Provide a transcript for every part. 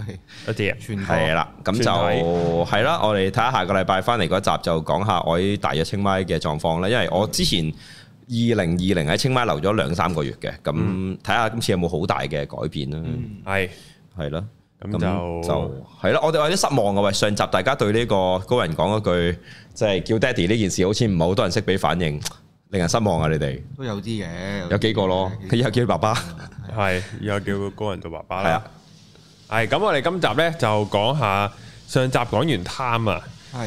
一係啦，咁就係啦體。我哋睇下下個禮拜翻嚟嗰集就講下我啲大約清邁嘅狀況咧。因為我之前二零二零喺清邁留咗兩三個月嘅，咁睇下今次有冇好大嘅改變啦。係係啦，咁的的就就係啦。我哋有啲失望啊！喂，上集大家對呢個高人講一句，即係叫爹哋呢件事，好似唔係好多人識俾反應，令人失望啊！你哋都有啲嘅，有，有，有幾個咯。佢以後叫佢爸爸，係以後叫個高人做爸爸啦。 係咁，我哋今集咧就講下上集講完貪啊，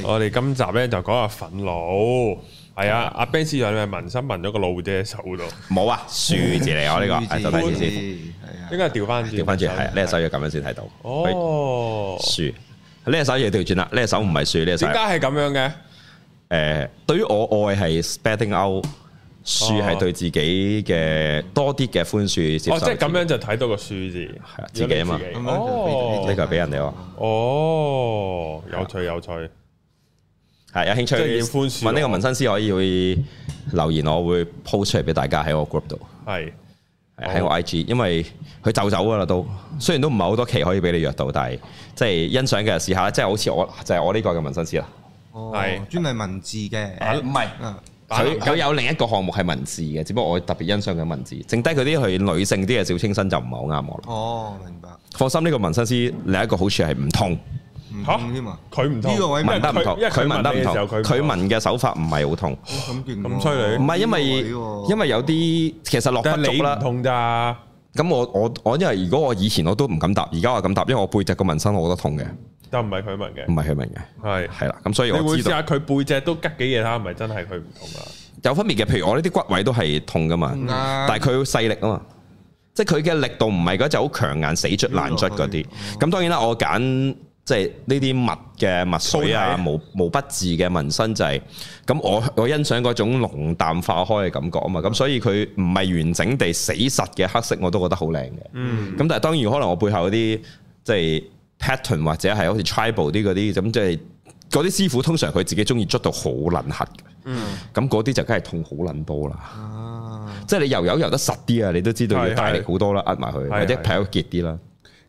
我哋今集咧就講下憤怒。係啊，阿 Benz 你係咪紋身紋咗個老者手度？冇啊，樹字嚟我呢個，睇住先。應該係調翻轉，調翻轉係呢隻手要咁先睇到。哦，樹呢隻手要調轉啦，呢隻手唔係樹呢隻手。點解係咁樣嘅？誒，對於我愛係 spitting out。恕係對自己嘅多啲嘅寬恕接受哦，即係咁樣就睇到個恕字，係自己啊嘛。呢個俾人哋話。哦，有趣有趣，係有興趣。即係要寬恕。問呢個紋身師，可以留言，我會 po 出嚟俾大家喺我 group 度。係喺我 IG，因為佢就走㗎啦都。雖然都唔係好多期可以俾你約到，但係即係欣賞嘅試下，即係好似我就係我呢個嘅紋身師啦。哦，係專係文字嘅，唔係佢佢有另一個項目係文字嘅，只不過我特別欣賞佢文字，剩低佢啲去女性啲嘅小清新就唔係好啱我啦。哦，明白。放心，呢個紋身師另一個好處係唔痛唔痛添嘛，佢唔痛。呢、啊、個位紋得唔痛，佢紋得唔痛，佢紋嘅手法唔係好痛。咁勁，哦，咁犀利？唔係 因為因為有啲其實落筆足啦。但係你唔痛咋？咁我我我因為，如果我以前我都唔敢答，而家我咁答，因為我背脊個紋身我覺得痛嘅，但唔係佢紋嘅，唔係佢紋嘅，係係啦，咁所以你會試下佢背脊都吉幾嘢啦，係咪真係佢唔痛啊？有分別嘅，譬如我呢啲骨位都係痛噶嘛，但係佢好細力啊嘛，即係佢嘅力度唔係嗰隻好強硬死捽爛捽嗰啲，咁當然啦，我揀。即係呢啲墨嘅墨水啊，毛毛筆字嘅紋身就係、是、咁，我我欣賞嗰種濃淡化開嘅感覺啊嘛，咁所以佢唔係完整地死實嘅黑色我都覺得好靚嘅。嗯，咁但係當然可能我背後嗰啲即係 pattern 或者係好似 tribal 啲嗰啲咁，即係嗰啲師傅通常佢自己鍾意捽到好撚黑嘅。嗯，咁嗰啲就梗係痛好撚多啦。啊、即係你揉油揉得實啲啊，你都知道要大力好多啦，壓埋佢或者劈都結啲啦。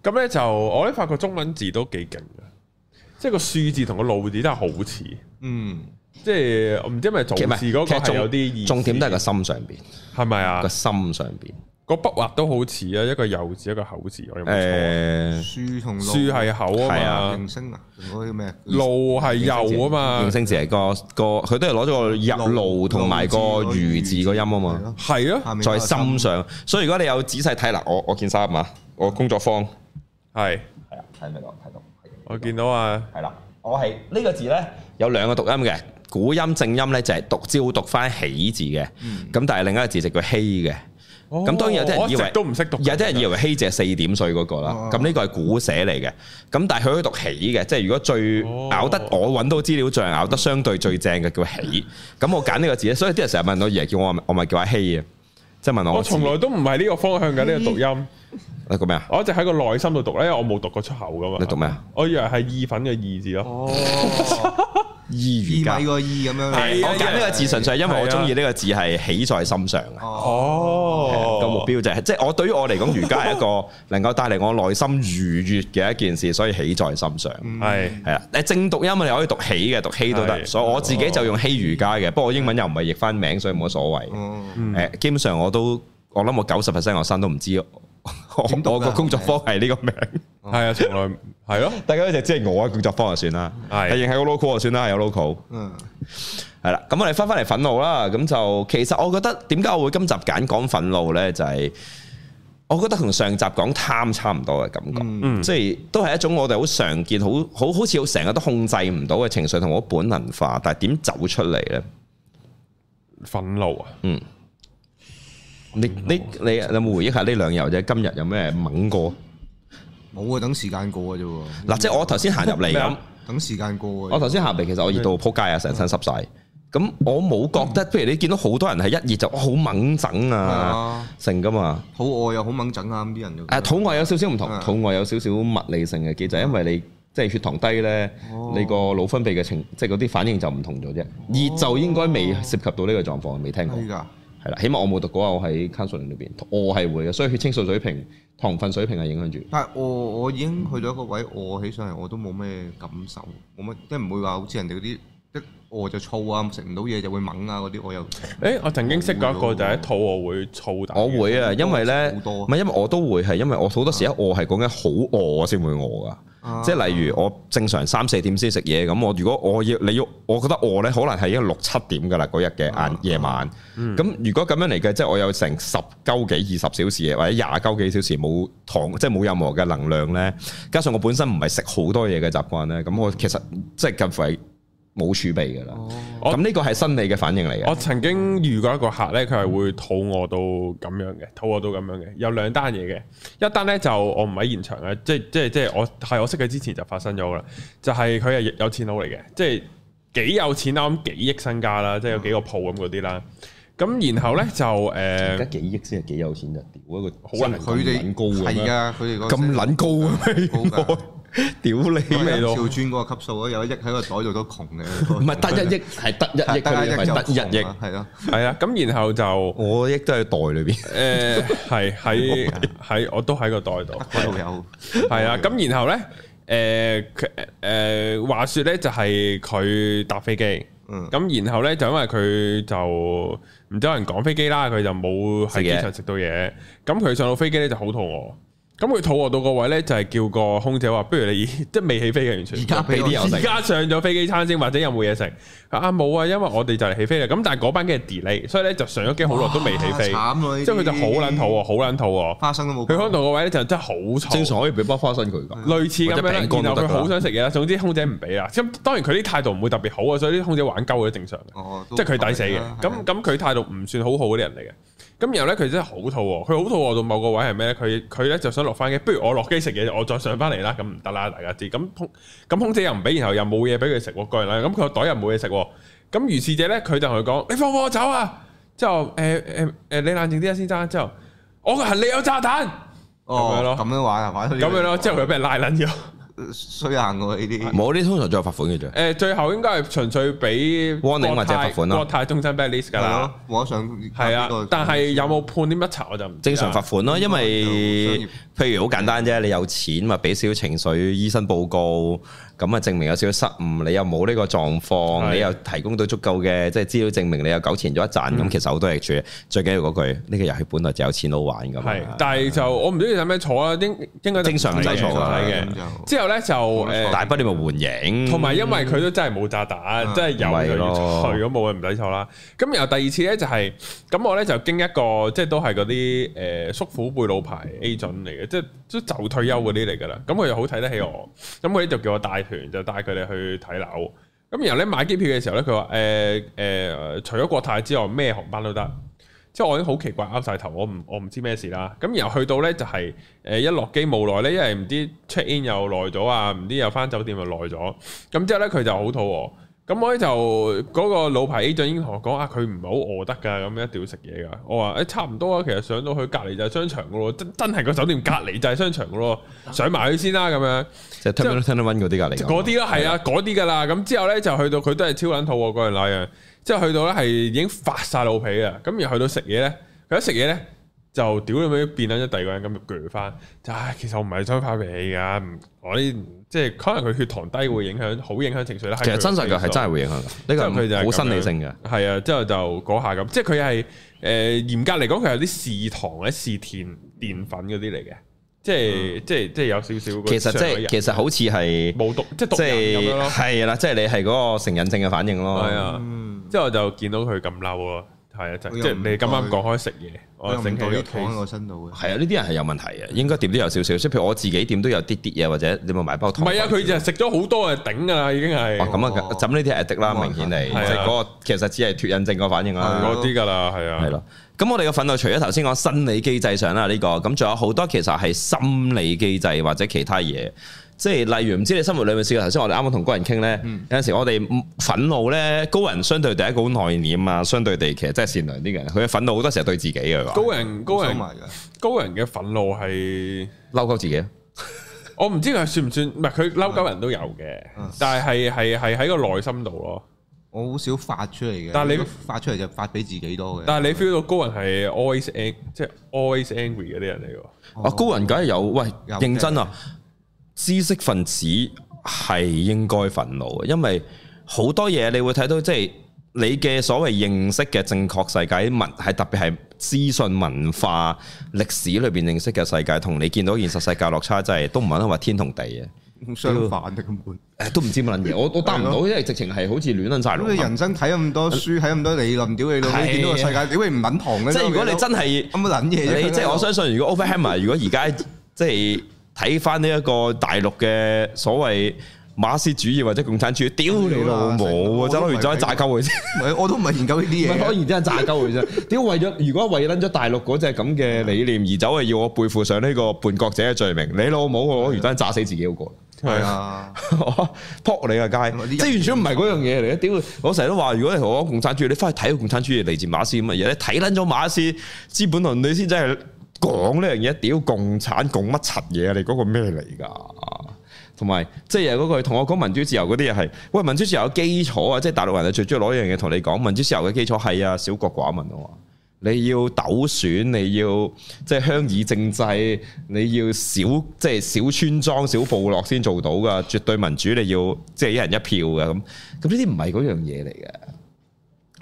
咁咧就我咧發覺中文字都幾勁嘅，即係個書字同個路字都係好似，嗯，即係唔知係咪重視嗰個重有啲重點都係個心上邊，係咪啊？個心上邊個筆畫都好似啊，一個右字一個口字，我用錯。同書係口啊，明星啊，咩？路係右啊嘛，形聲字係個個佢都係攞咗個入路同埋個如字個音啊嘛，係啊，在心上，所以如果你有仔細睇嗱，我我件衫啊，我工作坊。係，係啊，睇唔到我見到啊，係啦，我係呢個字呢，有兩個讀音嘅，古音正音呢，就係讀朝讀翻「喜」字嘅，咁但係另一個字就叫希嘅，咁當然有啲人以為都唔識讀，有啲人以為希就係四點水嗰個啦，咁呢個係古寫嚟嘅，咁但係佢可以讀「喜」嘅，即係如果最咬得我揾到資料上咬得相對最正嘅叫「喜」。咁我揀呢個字呢，所以啲人成日問我而係叫我我咪叫阿「希」嘅，即係問我，我從來都唔係呢個方向嘅呢個讀音。你讀咩啊？我一直喺個內心度讀咧，因為我冇讀過出口噶嘛。你讀咩啊？我以為係意粉嘅意字咯。哦，意個意咁樣嘅。我揀呢個字純粹係因為我中意呢個字係喜在心上嘅。哦，個目標就係即係我對於我嚟講，瑜伽係一個能夠帶嚟我內心愉悅嘅一件事，所以喜在心上係係啊。誒，正讀音你可以讀喜嘅，讀希都得。所以我自己就用希瑜伽嘅。不過我英文又唔係譯翻名，所以冇乜所謂。基本上我都我諗我九十 percent 學生都唔知。我個工作坊係呢個名，係啊，從來係咯，大家都即知我嘅工作坊就算啦，係認係我 local 就算啦，有 local 嗯，係啦，咁我哋翻翻嚟憤怒啦，咁就其實我覺得點解我會今集揀講憤怒咧，就係、是、我覺得同上集講貪差唔多嘅感覺，即係、嗯、都係一種我哋好常見，好好好似成日都控制唔到嘅情緒，同好本能化，但係點走出嚟咧？憤怒啊，嗯。你你你有冇回憶下呢兩日或者？今日有咩猛過？冇啊，等時間過啊啫喎！嗱，即係我頭先行入嚟咁，等時間過。我頭先行入嚟其實我熱到仆街啊，成身濕曬。咁我冇覺得，譬如你見到好多人係一熱就好猛整啊，成噶嘛。肚餓又好猛整啊啲人。誒，肚餓有少少唔同，肚餓有少少物理性嘅機制，因為你即係血糖低咧，你個腦分泌嘅情，即係嗰啲反應就唔同咗啫。熱就應該未涉及到呢個狀況，未聽過。係啦，起碼我冇讀過啊！我喺 counseling 裏邊，我係會嘅，所以血清素水平、糖分水平係影響住。但係我已經去到一個位，嗯、我起上嚟我都冇咩感受，我冇即係唔會話好似人哋嗰啲。餓就燥啊，食唔到嘢就會掹啊，嗰啲我又。誒、欸，我曾經識過一個、嗯、就係肚餓會燥啲。我會啊，因為咧，唔係因為我都會係，因為我好多時一餓係講緊好餓先會餓噶，啊、即係例如我正常三四點先食嘢，咁我如果我要你要，我覺得餓咧可能係已經六七點噶啦嗰日嘅晏夜晚。咁、啊嗯、如果咁樣嚟嘅，即係我有成十鳩幾二十,十小時，或者廿鳩幾，幾小時冇糖，即係冇任何嘅能量咧，加上我本身唔係食好多嘢嘅習慣咧，咁我其實即係近乎係。冇儲備嘅啦，咁呢、哦、個係生理嘅反應嚟嘅。我曾經遇過一個客咧，佢係會肚餓到咁樣嘅，肚、嗯、餓到咁樣嘅。有兩單嘢嘅，一單咧就我唔喺現場嘅，即即即我係我識佢之前就發生咗嘅啦。就係佢係有錢佬嚟嘅，即係幾有錢啦，我諗幾億身家啦，即係有幾個鋪咁嗰啲啦。咁、嗯、然後咧就誒，而、呃、家幾億先係幾有錢就屌，一個好，佢哋咁撚高啊！係啊，佢哋嗰咁撚高啊！屌你咩咯？跳磚嗰個級數咯，有一億喺個袋度都窮嘅。唔係得一億，係得一億，唔係得一億一，係 咯，係啊。咁然後就我億都喺袋裏邊。誒、 呃，係喺喺，我都喺個袋度，度有。係啊了，咁 然後咧，誒、呃、誒、呃，話說咧就係佢搭飛機，咁、嗯、然後咧就因為佢就唔知有人講飛機啦，佢就冇喺機場食到嘢，咁佢的上到飛機咧就好肚餓。咁佢肚餓到個位咧，就係叫個空姐話，不如你即係未起飛嘅，完全。而家俾啲油食。而家上咗飛機餐先，或者有冇嘢食？啊冇啊，因為我哋就嚟起飛啦。咁但係嗰班機係 delay，所以咧就上咗機好耐都未起飛。慘咯！即係佢就好撚肚，好撚肚。花生都冇。佢喺度個位咧就真係好嘈。正常可以俾包花生佢㗎，嗯、類似咁樣。然後佢好想食嘢啦，嗯、總之空姐唔俾啦。咁當然佢啲態度唔會特別好啊，所以啲空姐玩鳩都正常。哦。即係佢抵死嘅。咁咁佢態度唔算好好啲人嚟嘅。咁然後咧，佢真係好肚餓，佢好肚餓到某個位係咩咧？佢佢咧就想落翻機，不如我落機食嘢，我再上翻嚟啦。咁唔得啦，大家知。咁空咁空姐又唔俾，然後又冇嘢俾佢食喎，個人啦。咁佢個袋又冇嘢食喎。咁如是者咧，佢就同佢講：你放我走啊！之後誒誒誒，你冷靜啲啊，先生。之後我個行李有炸彈。哦，咁樣咯，咁樣玩啊，玩出咁樣咯。之後佢俾人拉撚咗。衰硬嘅呢啲，冇啲通常再罰款嘅啫。誒，最後應該係純粹俾 warning 或者罰款咯。國泰終身 blacklist 噶啦，我想，係啊。但係有冇判啲乜柒我就唔。正常罰款咯，因為，因為譬如好簡單啫，你有錢咪俾少少情緒醫生報告。咁啊，就證明有少少失誤，你又冇呢個狀況，的你又提供到足夠嘅即係資料證明，你又糾纏咗一陣，咁、嗯、其實好多益處，最緊要嗰句，呢個遊戲本來就有錢佬玩咁。係，但係就我唔鍾意，使咩使坐啦，應應該正常唔使坐嘅。之後咧就誒，但係的、嗯、不你咪緩刑，同埋因為佢都真係冇炸彈，啊、真係有就坐，如果冇嘅唔使坐啦。咁然後第二次咧就係、是，咁我咧就經一個即係、就是、都係嗰啲誒叔父輩老牌 A 準嚟嘅，即係即就退休嗰啲嚟噶啦。咁佢又好睇得起我，咁佢咧就叫我帶。就帶佢哋去睇樓，咁然後咧買機票嘅時候咧，佢話誒誒，除咗國泰之外，咩航班都得。即係我已經好奇怪，擝晒頭，我唔我唔知咩事啦。咁然後去到咧就係、是、誒一落機無耐咧，因為唔知 check in 又耐咗啊，唔知又翻酒店又耐咗。咁之後咧佢就好肚餓。咁我咧就嗰、那個老牌 A 將已經同我講啊，佢唔係好餓得噶，咁一定要食嘢噶。我話誒、欸、差唔多啊，其實上到去隔離就係商場噶咯，真真係、那個酒店隔離就係商場噶咯，上埋去先啦咁樣。就 t e n d 嗰啲隔離，嗰啲咯，係啊，嗰啲噶啦。咁之後咧就去到佢都係超撚肚喎，嗰樣那樣。之後去到咧係已經發晒老脾啊。咁而去到食嘢咧，佢一食嘢咧就屌你樣變咗第二個人咁就鋸翻。就其實我唔係想發脾氣噶，我啲。我即係可能佢血糖低會影響，好影響情緒啦。其實真實嘅係真係會影響，呢個佢就係好生理性嘅。係啊，之後就嗰下咁，即係佢係誒嚴格嚟講，佢有啲嗜糖咧、嗜甜澱粉嗰啲嚟嘅。即係即係即係有少少。其實即係其實好似係冇毒，即係毒人咁樣咯。係啊，即係你係嗰個成癮性嘅反應咯。係啊，之後就見到佢咁嬲喎，係啊，就。即係你咁啱講開食嘢。我整我身度嘅，係 啊樂，呢啲人係有問題嘅，應該點都有少少。即譬如我自己點都有啲啲嘢，或者你咪買包糖。唔係啊，佢就食咗好多啊，頂啊，已經係。咁、哦、啊，就咁呢啲係 addict 啦，哦、明顯係即係嗰個其實只係脫癮症個反應啊，多啲噶啦，係啊。係咯、啊，咁我哋嘅憤怒除咗頭先講生理機制上啦，呢、呢個咁仲有好多其實係心理機制或者其他嘢。即係例如，唔知你生活裏面試過頭先，我哋啱啱同高人傾咧，有陣時我哋憤怒咧，高人相對第一個好內斂啊，相對地其實真係善良啲嘅，佢嘅憤怒好多時候對自己嘅。高人高人高人嘅憤怒係嬲鳩自己，我唔知佢係算唔算，唔係佢嬲鳩人都有嘅，但係係係係喺個內心度咯，我好少發出嚟嘅。但係你發出嚟就發俾自己多嘅。但係你 feel 到高人係 always angry 即係 always angry 嗰啲人嚟嘅，啊高人梗係有喂認真啊！知識分子係應該憤怒啊，因為好多嘢你會睇到，即係你嘅所謂認識嘅正確世界，文係特別係資訊文化歷史裏邊認識嘅世界，同你見到現實世界落差，真係都唔肯話天同地嘅，相反嘅根本，誒都唔知乜撚嘢，我我答唔到，因為直情係好似亂晒。曬。咁你人生睇咁多書，睇咁多理論屌你老豆，你見到個世界點會唔撚堂咧！即係如果你真係，咁諗嘢，即係我相信，如果 over 如果而家即係。睇翻呢一個大陸嘅所謂馬克思主義或者共產主義，屌你老母我 我啊！執落魚樽炸鳩佢先，我都唔係研究呢啲嘢，攞魚樽炸鳩佢先。屌，為咗如果為捻咗大陸嗰隻咁嘅理念而走，係要我背負上呢個叛國者嘅罪名？的你老母我攞魚樽炸死自己好過。係啊的，扑的 你個街！即係完全唔係嗰樣嘢嚟。屌，我成日都話，如果你同我講共產主義，你翻去睇個共產主義嚟自馬斯噉嘅嘢？你睇捻咗馬斯資本論你先真係。講呢樣嘢，屌共產共乜柒嘢啊！你嗰個咩嚟噶？同埋即係嗰個同我講民主自由嗰啲又係喂，民主自由有基礎啊！即係大陸人最中意攞一樣嘢同你講，民主自由嘅基礎係啊，小國寡民啊！你要斗選，你要即係鄉議政制，你要小即係、就是、小村莊、小部落先做到噶，絕對民主你要即係、就是、一人一票噶咁。咁呢啲唔係嗰樣嘢嚟嘅，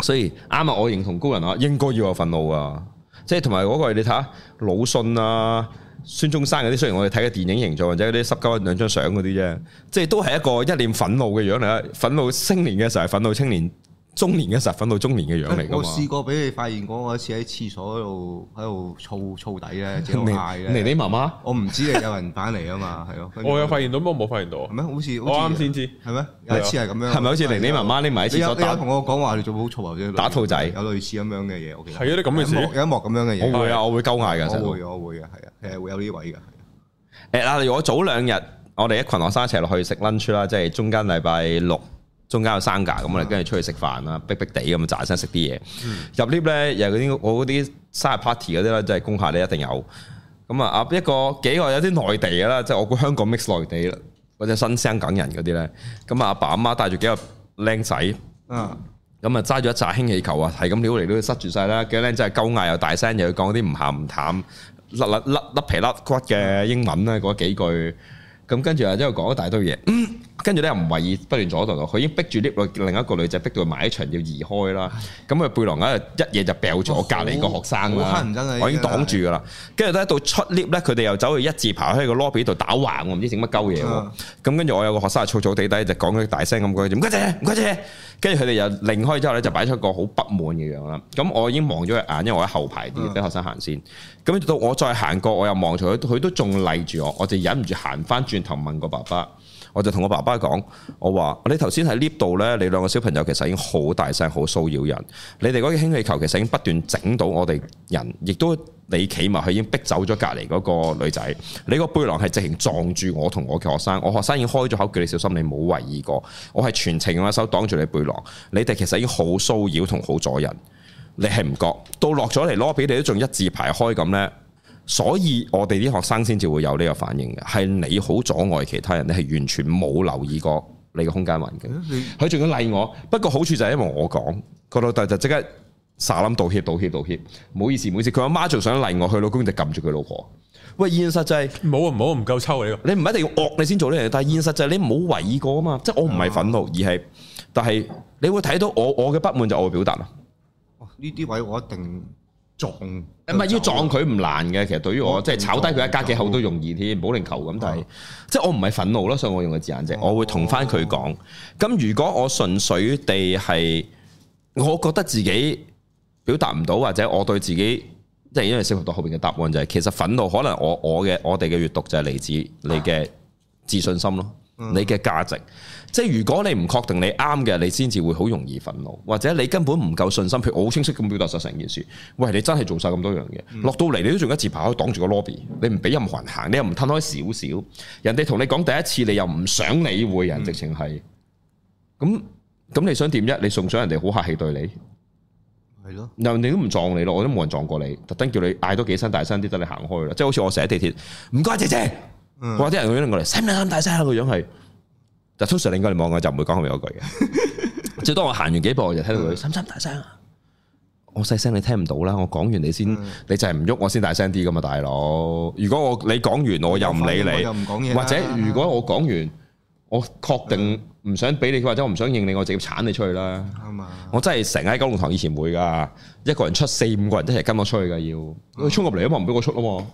所以啱啊！我認同高人啊，應該要有憤怒啊！即係同埋嗰個你睇下，魯迅啊、孫中山嗰啲，雖然我哋睇嘅電影形象或者嗰啲濕鳩兩張相嗰啲啫，即係都係一個一臉憤怒嘅樣嚟，憤怒青年嘅時候係憤怒青年。中年嘅實分到中年嘅樣嚟，我試過俾你發現過，我一次喺廁所度喺度燥燥底咧，做鞋嘅。妮妮媽媽，我唔知你有人版嚟啊嘛，係咯。我有發現到不過冇發現到。咩？好似我啱先知，係咩？有一次係咁樣，係咪好似妮妮媽媽匿埋喺廁所？你有你有同我講話你做冇錯啊，即係打兔仔，有類似咁樣嘅嘢。係啊，啲咁嘅事，有一幕咁樣嘅嘢。我會啊，我會鳩嗌㗎，我會我會嘅，係啊，誒會有呢位㗎，誒例如，我早兩日我哋一群學生一齊落去食 lunch 啦，即係中間禮拜六。中間有生㗎，咁我哋跟住出去食飯啦，逼逼地咁炸先食啲嘢。入 lift 咧又嗰啲我嗰啲生日 party 嗰啲咧，即係工廈咧一定有。咁啊，阿一個幾個有啲內地啦，即係我估香港 mix 內地啦，或者新香港人嗰啲咧。咁阿爸阿媽帶住幾個靚仔，嗯，咁啊揸住一紮氫氣球啊，係咁撩嚟都塞住曬啦。幾靚仔鳩嗌又大聲，又要講啲唔鹹唔淡，甩甩甩甩皮甩骨嘅英文咧，講幾句。咁跟住啊，之後講一大堆嘢。跟住咧又唔為意，不斷阻住佢。佢已經逼住 lift 另一個女仔，逼到佢埋喺牆要移開啦。咁佢 背囊喺度一嘢就掉我隔離個學生啦。真我已經擋住噶啦。跟住咧到出 lift 咧，佢哋又走去一字排喺個 lobby 度打橫。我唔知整乜鳩嘢喎。咁跟住我有個學生啊，粗粗哋哋就講佢大聲咁講，唔該謝，唔該謝。跟住佢哋又擰開之後咧，就擺出個好不滿嘅樣啦。咁我已經望咗一眼，因為我喺後排啲，俾、啊、學生行先。咁到我再行過，我又望住佢，佢都仲賴住我，我就忍唔住行翻轉頭問個爸爸。我就同我爸爸講，我話你頭先喺 lift 度呢，你兩個小朋友其實已經好大聲，好騷擾人。你哋嗰個氫氣球其實已經不斷整到我哋人，亦都你企埋去已經逼走咗隔離嗰個女仔。你個背囊係直情撞住我同我嘅學生，我學生已經開咗口叫你小心，你冇為意過。我係全程用一手擋住你背囊。你哋其實已經好騷擾同好阻人，你係唔覺？到落咗嚟攞俾你都仲一字排開咁呢。所以我哋啲學生先至會有呢個反應嘅，係你好阻礙其他人，你係完全冇留意過你個空間環境。佢仲要賴我，不過好處就係因為我講，個老豆就即刻撒冧道，道，道歉、道歉、道歉，唔好意思、唔好意思。佢阿媽仲想賴我，佢老公就撳住佢老婆。喂，現實就係冇啊，唔好，唔夠抽你㗎。你唔一定要惡你先做呢樣嘢，但係現實就係你冇為意過啊嘛。即係我唔係憤怒，嗯、而係，但係你會睇到我我嘅不滿就我會表達啦。呢啲位我一定。撞，唔係要撞佢唔難嘅。其實對於我，嗯、即係炒低佢一家幾口都容易添，嗯、保齡球咁，但係，即係我唔係憤怒咯，所以我用個字眼啫。嗯、我會同翻佢講。咁、嗯、如果我純粹地係，我覺得自己表達唔到，或者我對自己，即係因為涉及到後邊嘅答案就係、是，其實憤怒可能我我嘅我哋嘅閱讀就係嚟自你嘅自信心咯。啊啊啊你嘅價值，即係如果你唔確定你啱嘅，你先至會好容易憤怒，或者你根本唔夠信心。譬如我好清晰咁表達晒成件事。喂，你真係做晒咁多樣嘢，落到嚟你都仲一字排可以擋住個 lobby，你唔俾任何人行，你又唔褪開少少，人哋同你講第一次，你又唔想理會人，直情係咁咁你想點啫？你送上人哋好客氣對你？係咯的，嗱，人哋都唔撞你咯，我都冇人撞過你，特登叫你嗌多幾聲大聲啲，得你行開啦。即係好似我成日喺地鐵，唔該，謝謝姐姐。我啲人咁樣過嚟，聲聲大聲啊！個樣係，但通常你過嚟望我就唔會講後面嗰句嘅。 即係當我行完幾步，我就聽到佢聲聲大聲啊！我細聲你聽唔到啦，我講完你先，是是你就係唔喐，我先大聲啲噶嘛，大佬。如果我你講完我又唔理你，又唔講嘢，或者如果我講完，我確定唔想俾你，是是或者我唔想應你，我直接鏟你出去啦。是是我真係成日喺九龍塘以前會噶，一個人出四五個人一齊跟我出去噶，要衝入嚟啊嘛，唔俾我出啊嘛。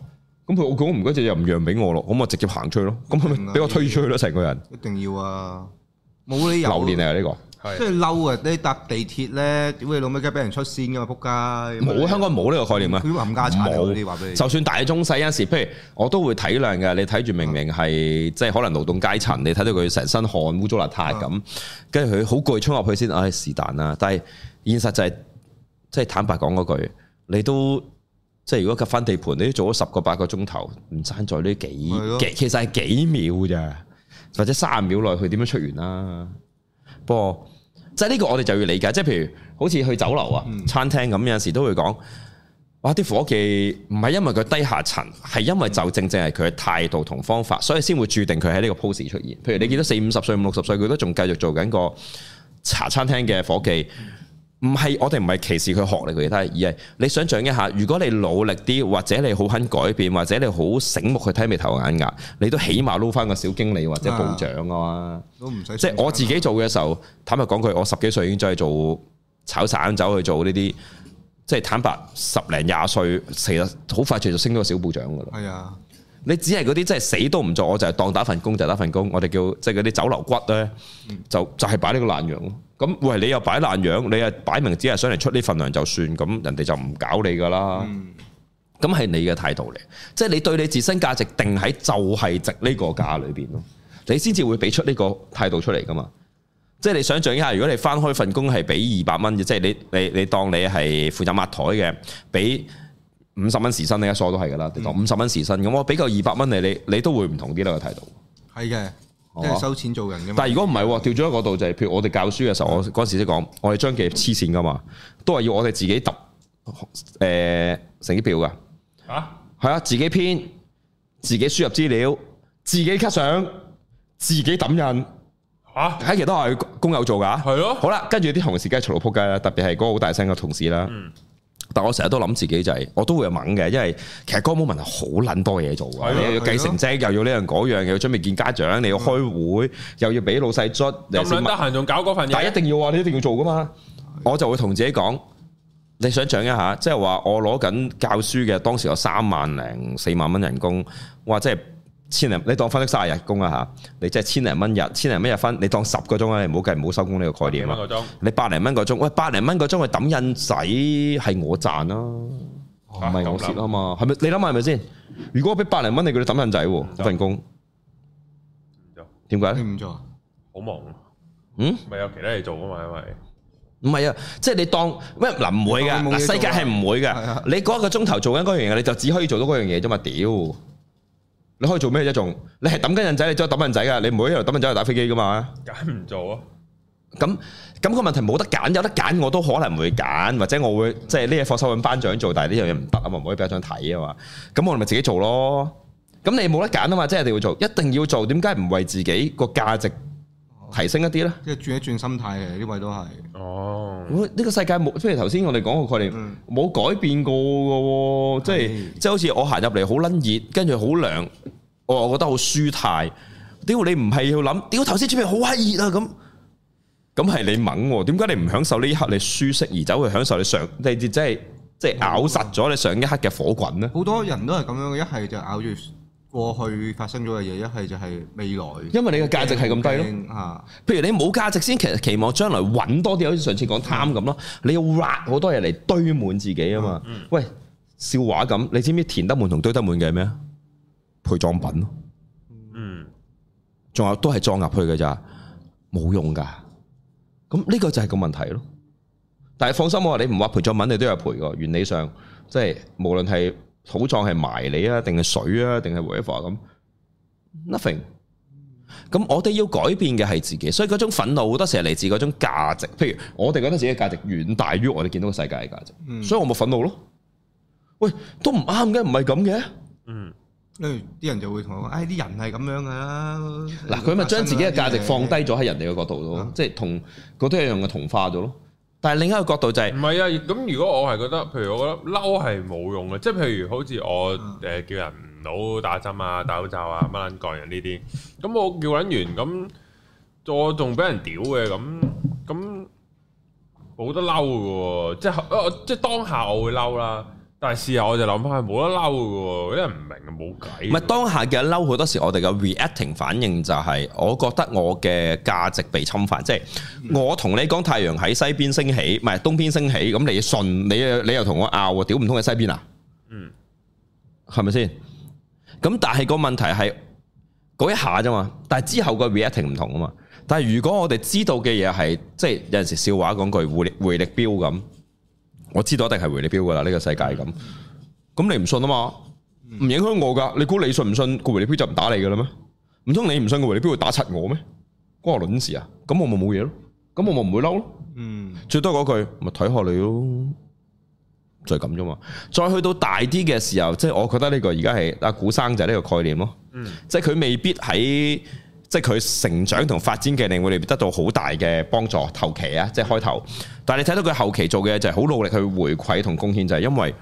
咁佢我講唔該只又唔讓俾我咯，咁我直接行出去咯，咁佢咪俾我推出去咯成個人。一定要啊，冇理由。流年啊呢個，即係嬲啊！你搭地鐵咧，點會老尾雞俾人出先噶嘛仆街！冇香港冇呢個概念啊，冇冇啲話俾你。就算大中細有陣時，譬如我都會體諒嘅。你睇住明明係即係可能勞動階層，你睇到佢成身汗污糟邋遢咁，跟住佢好攰沖入去先，唉是但啦。但係現實就係即係坦白講嗰句，你都。即係如果佮翻地盤，你都做咗十個八個鐘頭，唔爭在呢幾，其其實係幾秒咋，或者三十秒內佢點樣出現啦。不過即係呢個我哋就要理解，即係譬如，好似去酒樓啊、餐廳咁，有陣時都會講，哇啲伙計唔係因為佢低下層，係因為就正正係佢嘅態度同方法，所以先會注定佢喺呢個 pose 出現。譬如你見到四五十歲、五六十歲，佢都仲繼續做緊個茶餐廳嘅伙計。唔係我哋唔係歧視佢學歷、佢其他，而係你想象一下，如果你努力啲，或者你好肯改變，或者你好醒目去睇眉頭眼額，你都起碼撈翻個小經理或者部長啊嘛、啊。都唔使，即係我自己做嘅時候，啊、坦白講句，我十幾歲已經再做炒散走去做呢啲，即係坦白十零廿歲，其實好快脆就升到個小部長噶啦。係啊，你只係嗰啲真係死都唔做，我就係當打份工就係打份工。我哋叫即係嗰啲酒樓骨咧，嗯、就就係擺呢個爛樣。咁喂，你又擺爛樣，你啊擺明只係想嚟出呢份糧就算，咁人哋就唔搞你噶啦。咁係、嗯、你嘅態度嚟，即係你對你自身價值定喺就係值呢個價裏邊咯，你先至會俾出呢個態度出嚟噶嘛。即係你想象一下，如果你返開份工係俾二百蚊，即、就、係、是、你你你當你係負責抹枱嘅，俾五十蚊時薪，你一數都係噶啦。五十蚊時薪，咁、嗯、我俾夠二百蚊你，你你都會唔同啲呢個態度。係嘅。即係收錢做人嘅嘛，但係如果唔係喎，調咗喺嗰度就係，譬如我哋教書嘅時候，我嗰時先講，我哋張技黐線噶嘛，都係要我哋自己揼誒、呃、成績表噶，啊，係啊，自己編，自己輸入資料，自己 cut 相，自己抌印，啊，喺其實都係工友做噶，係咯、啊，好啦，跟住啲同事梗係嘈到仆街啦，特別係嗰個好大聲嘅同事啦。嗯但我成日都諗自己就係、是，我都會有猛嘅，因為其實 Government 係好撚多嘢做嘅，的你又要計成績的，又要呢樣嗰樣，又要準備見家長，你要開會，的又要俾老細捽。又撚得閒仲搞嗰份嘢？但一定要話你一定要做噶嘛，的我就會同自己講，你想想一下，即係話我攞緊教書嘅，當時有三萬零四萬蚊人工，哇！即係。千零你當翻咗卅日工啊吓，你即係千零蚊日，千零蚊日分，你當十個鐘啊，你唔好計唔好收工呢個概念啊嘛。十個鐘，你百零蚊個鐘，喂，百零蚊個鐘去抌印仔係我賺啦，唔係我蝕啊嘛，係咪？你諗下係咪先？如果俾百零蚊你叫佢抌印仔份工，唔做點解咧？唔做，好忙。嗯，咪有其他嘢做啊嘛？係咪？唔係啊，即係你當咩？林唔會噶，世界係唔會噶。你嗰一個鐘頭做緊嗰樣嘢，你就只可以做到嗰樣嘢啫嘛。屌！你可以做咩啫？仲你係抌緊人仔，你即係抌人仔噶，你唔可以喺度抌人仔去打飛機噶嘛？揀唔做啊？咁咁個問題冇得揀，有得揀我都可能唔會揀，或者我會即係呢嘢，放手搵班長做，但係呢樣嘢唔得啊嘛，唔可以俾班長睇啊嘛。咁我咪自己做咯。咁你冇得揀啊嘛，即係你要做，一定要做。點解唔為自己個價值？提升一啲咧，即係轉一轉心態嘅呢位都係。哦，呢個世界冇，即係頭先我哋講個概念冇、嗯、改變過噶喎，即係即係好似我行入嚟好撚熱，跟住好涼，我又覺得好舒泰。屌你唔係要諗，屌頭先出面好閪熱啊咁，咁係你懵？點解你唔享受呢一刻你舒適而走去享受你上？你即係即係咬實咗你上一刻嘅火滾咧？好、嗯、多人都係咁樣，一係就咬住。過去發生咗嘅嘢，一係就係未來，因為你嘅價值係咁低咯。啊吓，譬如你冇價值先，其實期望將來揾多啲，好似上次講貪咁咯。你要挖好多嘢嚟堆滿自己啊嘛。嗯，喂，笑話咁，你知唔知填得滿同堆得滿嘅係咩啊？陪葬品咯。嗯，仲有都係裝入去嘅咋，冇用噶。咁呢個就係個問題咯。但係放心我話你唔挖陪葬品，你都有陪嘅。原理上，即係無論係。土葬係埋你啊，定係水啊，定係 whatever 咁，nothing。咁我哋要改變嘅係自己，所以嗰種憤怒好多時係嚟自嗰種價值。譬如我哋覺得自己嘅價值遠大於我哋見到嘅世界嘅價值，嗯、所以我咪憤怒咯。喂，都唔啱嘅，唔係咁嘅。嗯，跟住啲人就會同我講：哎，啲人係咁樣噶啦。嗱喏，佢咪將自己嘅價值放低咗喺人哋嘅角度、啊、咯，即係同嗰啲一樣嘅同化咗咯。但係另一個角度就係，唔係啊？咁如果我係覺得，譬如我覺得嬲係冇用嘅，即係譬如好似我誒、嗯、叫人唔好打針啊、戴口罩啊、乜撚講人呢啲，咁我叫撚完咁，再仲俾人屌嘅咁，咁冇得嬲嘅喎，即係即係當下我會嬲啦。但係事後我就諗翻，係冇得嬲嘅，因為唔明，冇計。唔係當下嘅嬲，好多時我哋嘅 reacting 反應就係，我覺得我嘅價值被侵犯，即係我同你講太陽喺西邊升起，唔係東邊升起，咁你信你？你又同我拗屌唔通喺西邊啊？嗯，係咪先？咁但係個問題係嗰一下啫嘛，但係之後個 reacting 唔同啊嘛。但係如果我哋知道嘅嘢係，即係有陣時笑話講句回回力標咁。我知道一定係回力標噶啦，呢個世界咁，咁你唔信啊嘛，唔影響我噶。你估你信唔信？個回力標就唔打你噶啦咩？唔通你唔信個回力標會打柒我咩？關我卵事啊！咁我咪冇嘢咯，咁我咪唔會嬲咯。嗯，最多嗰句咪睇下你咯，就係咁啫嘛。再去到大啲嘅時候，即係我覺得呢個而家係阿古生就係呢個概念咯。嗯，即係佢未必喺。即係佢成長同發展嘅，令我哋得到好大嘅幫助。頭期啊，即係開頭，但係你睇到佢後期做嘅就係好努力去回饋同貢獻。就係因為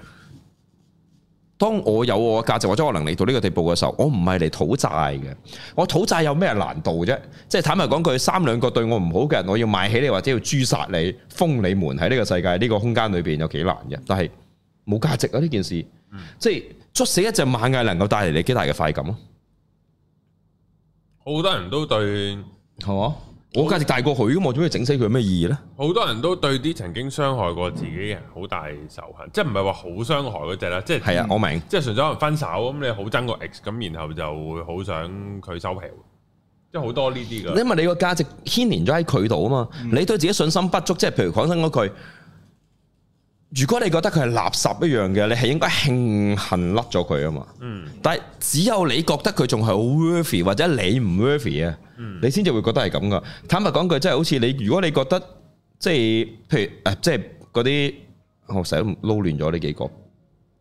當我有我價值或者我能力到呢個地步嘅時候，我唔係嚟討債嘅。我討債有咩難度啫？即係坦白講句，三兩個對我唔好嘅人，我要買起你或者要誅殺你，封你門喺呢個世界呢個空間裏邊有幾難嘅。但係冇價值啊呢件事，即係捉死一隻螞蟻能夠帶嚟你幾大嘅快感咯。好多人都對係嘛，吧我，我價值大過佢咁，我做咩整死佢有咩意義咧？好多人都對啲曾經傷害過自己嘅人好大仇恨，即係唔係話好傷害嗰隻啦，即係係啊，我明，即係純粹可能分手咁，你好憎個 ex 咁，然後就會好想佢收皮，即係好多呢啲嘅，因為你個價值牽連咗喺佢度啊嘛，你對自己信心不足，即係譬如講真嗰句。如果你覺得佢係垃圾一樣嘅，你係應該慶幸甩咗佢啊嘛。嗯，但係只有你覺得佢仲係好 worthy 或者你唔 worthy 啊，你先至會覺得係咁噶。坦白講句，即係好似你，如果你覺得即係，譬如誒，即係嗰啲，我成日撈亂咗呢幾個，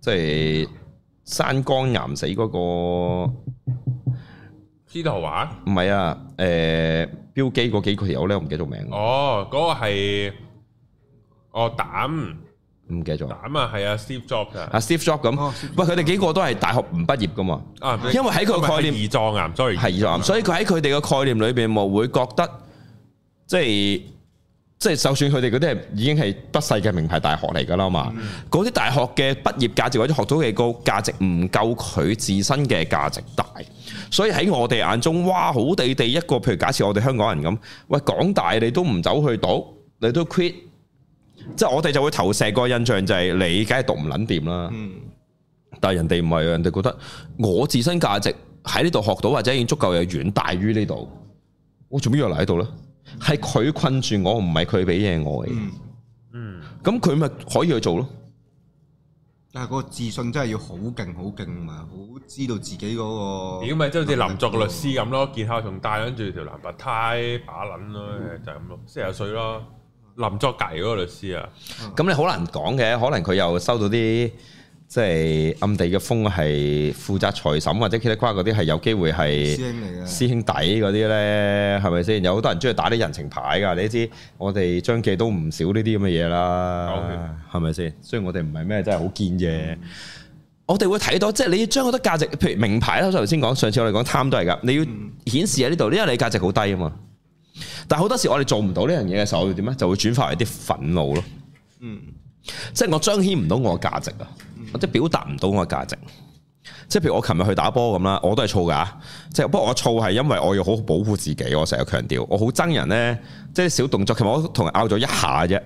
即係山江岩死嗰個，司徒華，唔係啊，誒，標機嗰幾個友咧，我唔記得名。哦，嗰個係，哦膽。唔記得咗。啊嘛，係啊，Steve Jobs 啊，Steve Jobs 咁，喂、哦，佢哋幾個都係大學唔畢業噶嘛。啊，因為喺佢個概念，二裝啊，sorry，係二裝，所以佢喺佢哋個概念裏邊，冇會覺得，即係即係，就算佢哋嗰啲係已經係不世界名牌大學嚟噶啦嘛。嗰啲、嗯、大學嘅畢業價值或者學到嘅個價值唔夠佢自身嘅價值大，所以喺我哋眼中，哇，好地地一個，譬如假設我哋香港人咁，喂，港大你都唔走去讀，你都 quit。即係我哋就會投射個印象就係你梗係讀唔捻掂啦，嗯、但係人哋唔係，人哋覺得我自身價值喺呢度學到或者已經足夠又遠大於呢度，我做咩要留喺度咧？係佢、嗯、困住我，唔係佢俾嘢我嘅、嗯。嗯，咁佢咪可以去做咯？但係嗰個自信真係要好勁，好勁，同好知道自己嗰個如果咪即係好似林作個律師咁咯？見孝仲帶緊住條藍白呔把捻咯，嗯、就係咁咯，四廿歲咯。.林作繼嗰個律師啊，咁你好難講嘅，可能佢又收到啲即係暗地嘅風，係負責財審或者其他嗰啲，係有機會係師兄弟嗰啲咧，係咪先？有好多人中意打啲人情牌㗎，你知我哋張記都唔少呢啲咁嘅嘢啦，係咪先？雖然我哋唔係咩真係好堅嘅，嗯、我哋會睇到即係、就是、你要將好多價值，譬如名牌啦，我頭先講上次我哋講貪都係㗎，你要顯示喺呢度，因為你價值好低啊嘛。但好多時我哋做唔到呢樣嘢嘅時候我會，會點咧？就會轉化為啲憤怒咯。嗯，即係我彰顯唔到我嘅價值啊，或者、嗯、表達唔到我嘅價值。即係譬如我琴日去打波咁啦，我都係燥噶。即係不過我燥係因為我要好好保護自己，我成日強調我好憎人咧，即係小動作。其實我同佢拗咗一下啫，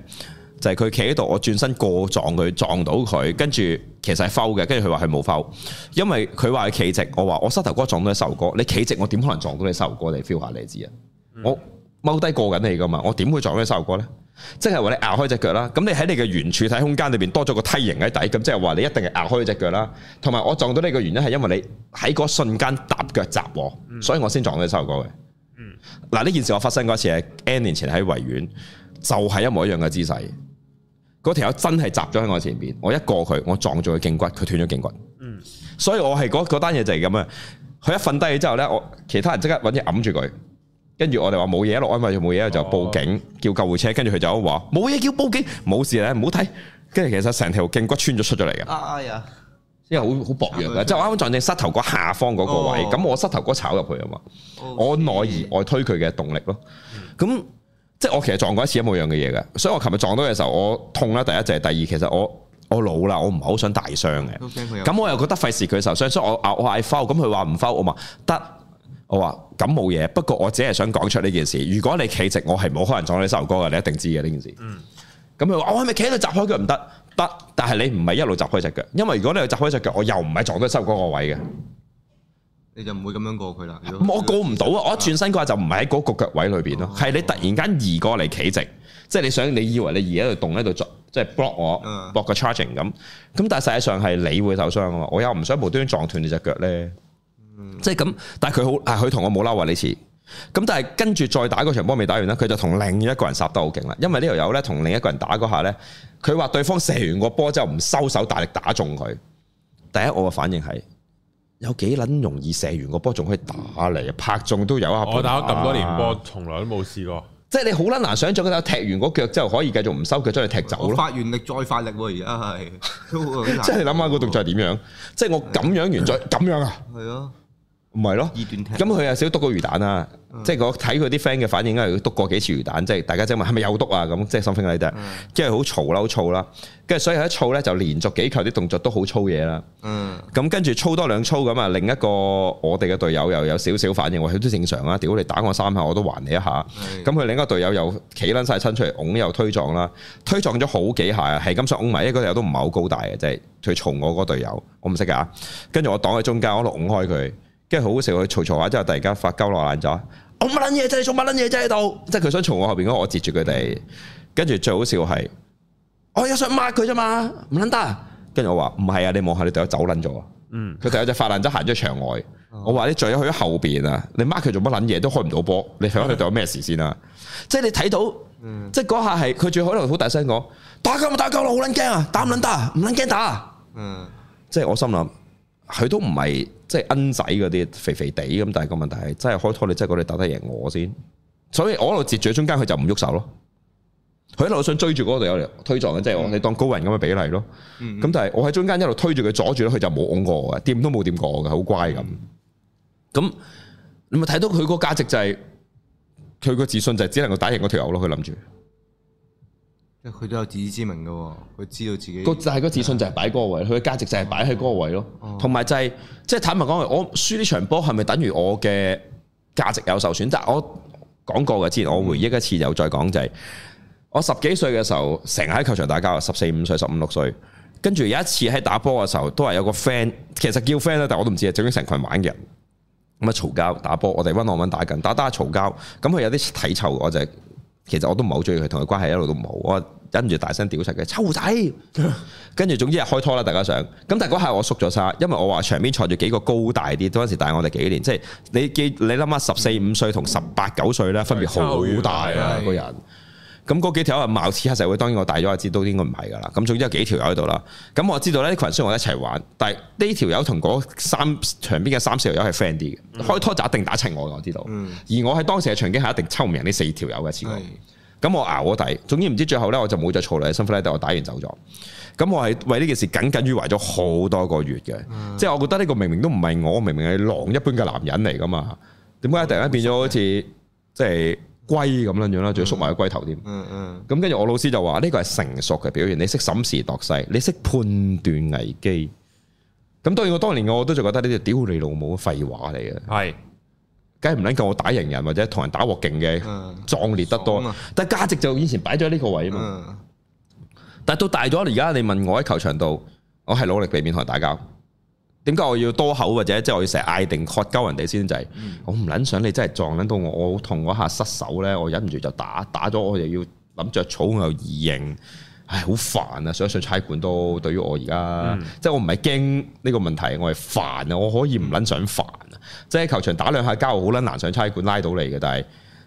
就係佢企喺度，我轉身過撞佢，撞到佢，跟住其實係踎嘅，跟住佢話係冇踎，因為佢話係企直，我話我膝頭哥撞到你手哥，你企直，我點可能撞到你手哥？你 feel 下你知啊，我、嗯。踎低過緊你噶嘛？我點會撞到呢三嚿歌呢？即係話你拗開隻腳啦。咁你喺你嘅圓柱體空間裏邊多咗個梯形喺底，咁即係話你一定係拗開隻腳啦。同埋我撞到你嘅原因係因為你喺嗰瞬間踏腳雜，所以我先撞到呢三嚿歌嘅。嗱呢、嗯啊、件事我發生過一次，係 N 年前喺維園，就係、是、一模一樣嘅姿勢。嗰條友真係砸咗喺我前面，我一過佢，我撞咗佢頸骨，佢斷咗頸骨。嗯，所以我係嗰單嘢就係咁啊。佢一瞓低之後呢，我其他人即刻揾嘢揞住佢。跟住我哋話冇嘢一路安慰，又冇嘢，就報警叫救護車。跟住佢就話冇嘢，叫報警冇事咧，唔好睇。跟住其實成條頸骨穿咗出咗嚟嘅，啊係、哎、呀因為好好薄弱嘅，即係啱啱撞正膝頭哥下方嗰個位。咁、哦哦、我膝頭哥炒入去啊嘛，我內而外推佢嘅動力咯。咁即係我其實撞過一次一模一樣嘅嘢嘅，所以我琴日撞到嘅時候，我痛啦。第一就係第二，其實我我老啦，我唔係好想大傷嘅。咁我又覺得費事佢受傷，所以我嗌「我嗌 foul」，咁佢話唔 foul 我嘛，得。我話咁冇嘢，不過我只係想講出呢件事。如果你企直，我係冇可能撞到你膝頭哥嘅，你一定知嘅呢件事。嗯，咁佢話我係咪企喺度閘開腳唔得？得，但係你唔係一路閘開隻腳，因為如果你閘開隻腳，我又唔係撞到膝頭哥個位嘅，你就唔會咁樣過佢啦。我過唔到啊！我一轉身嘅話就唔係喺嗰個腳位裏邊咯，係、哦哦哦、你突然間移過嚟企直，即係你想你以為你移喺度動喺度做，即係 block 我 block 個 charging 咁。咁但係實際上係你會受傷啊嘛。我又唔想無端端撞斷你隻腳咧。即係咁，但係佢好，佢同我冇嬲啊！呢次，咁但係跟住再打嗰場波未打完呢，佢就同另一個人殺得好勁啦。因為呢條友呢，同另一個人打嗰下呢，佢話對方射完個波之後唔收手，大力打中佢。第一我嘅反應係有幾捻容易射完個波，仲可以打嚟拍中都有啊！我打咗咁多年波，從來都冇試過。即係你好捻難想象佢陣，踢完個腳之後可以繼續唔收腳將佢踢走咯。發完力再發力，而家係，即係 你諗下個動作係點樣？即係我咁樣完再咁 樣啊？係 啊。 唔係咯，咁佢有少篤個魚蛋啦，嗯、即係我睇佢啲 friend 嘅反應，係篤過幾次魚蛋，即係大家即係問係咪有篤啊咁，即係 something like that，嗯、即係好嘈啦，好躁啦。跟住所以一躁咧，就連續幾球啲動作都好粗嘢啦。嗯，咁跟住粗多兩粗咁啊，另一個我哋嘅隊友又有少少反應，話佢都正常啊。屌你打我三下，我都還你一下。咁佢、嗯、另一個隊友又企撚晒親出嚟，㧬又推撞啦，推撞咗好幾下啊，係咁想㧬埋。因為嗰隊友都唔係好高大嘅，即係佢嘈我嗰個隊友，我唔識㗎。跟住我擋喺中間，我㧬開佢。跟住好好笑，佢嘈嘈下之後突然間發鳩落爛咗，我乜捻嘢啫，做乜捻嘢啫喺度？即係佢想從我後邊嗰，我截住佢哋。跟住最好笑係，我又想抹佢啫嘛，唔捻得。跟住我話唔係啊，你望下你隊友走捻咗。嗯，佢隊友只發爛針行咗場外。嗯、我話你隊友去咗後邊啊，你抹佢做乜捻嘢都開唔到波，你睇下、嗯、你隊友咩事先啊。」即係你睇到，嗯、即係嗰下係佢最好又好大聲講打鳩咪打鳩咯，好捻驚啊，打唔捻得，唔捻驚打。嗯，嗯即係我心諗。佢都唔係即係奀仔嗰啲肥肥地咁，但係個問題係真係開拖你真係嗰啲打得贏我先，所以我一路截住中間，佢就唔喐手咯。佢一路想追住嗰度有推撞嘅，即係 Okay. 我哋當高人咁嘅比例咯。咁、mm hmm. 但係我喺中間一路推住佢，阻住佢，佢就冇㧬過我，掂都冇掂過嘅，好乖咁。咁、mm hmm. 你咪睇到佢個價值就係佢個自信就係只能夠打贏嗰條友咯，佢諗住。佢都有自知之明嘅，佢知道自己個但係個自信就係擺嗰個位，佢嘅價值就係擺喺嗰個位咯。同埋就係即係坦白講，我輸呢場波係咪等於我嘅價值有受損？但係我講過嘅之前，我回憶一次有再講，就係我十幾歲嘅時候，成日喺球場打交，十四五歲、十五六歲，跟住有一次喺打波嘅時候，都係有個 friend，其實叫 friend 咧，但係我都唔知啊，總之成群玩嘅咁啊，嘈交打波，我哋溫我溫打緊，打打下嘈交，咁佢有啲體臭我就其實我都唔係好中意佢，同佢關係一路都唔好。我忍唔住大聲屌柒佢，臭仔！ 跟住總之係開拖啦，大家想。咁但係嗰下我縮咗沙，因為我話場邊坐住幾個高大啲，嗰陣時大我哋幾年，即係你記你諗下，十四五歲同十八九歲咧，分別好大啊個人。咁嗰幾條友貌似黑社會，當然我大咗就知都應該唔係噶啦。咁總之有幾條友喺度啦。咁我知道呢群雖然我一齊玩，但呢條友同嗰三場邊嘅三四條友係 friend 啲嘅。嗯、開拖就一定打齊我，我知道。而我喺當時嘅場景下，一定抽唔贏呢四條友嘅。次終，咁、嗯、我熬咗底。總之唔知最後呢，我就冇再錯咧。辛苦咧我打完走咗。咁我係為呢件事耿耿於懷咗好多個月嘅，嗯、即係我覺得呢個明明都唔係我，明明係狼一般嘅男人嚟噶嘛？點解突然間變咗好似即係？嗯嗯嗯龜咁樣樣啦，仲要縮埋個龜頭添、嗯。嗯嗯。咁跟住我老師就話呢個係成熟嘅表現，嗯嗯、你識審時度勢，嗯、你識判斷危機。咁當然我當年我都就覺得呢啲屌你老母廢話嚟嘅。係是，梗係唔能夠我打贏人或者同人打鑊勁嘅，嗯、壯烈得多。啊、但係價值就以前擺咗喺呢個位啊嘛。嗯嗯、但係到大咗，而家你問我喺球場度，我係努力避免同人打交。點解我要多口或者即係我要成日嗌定 cut 鳩人哋先？就係、嗯、我唔捻想你真係撞捻到我，我同嗰下失手咧，我忍唔住就打打咗，我又要諗着草我又易認，唉，好煩啊！想上差館都對於我而家，嗯、即係我唔係驚呢個問題，我係煩啊！我可以唔捻想煩啊！即係、嗯、喺球場打兩下交，好捻難上差館拉到你嘅，但係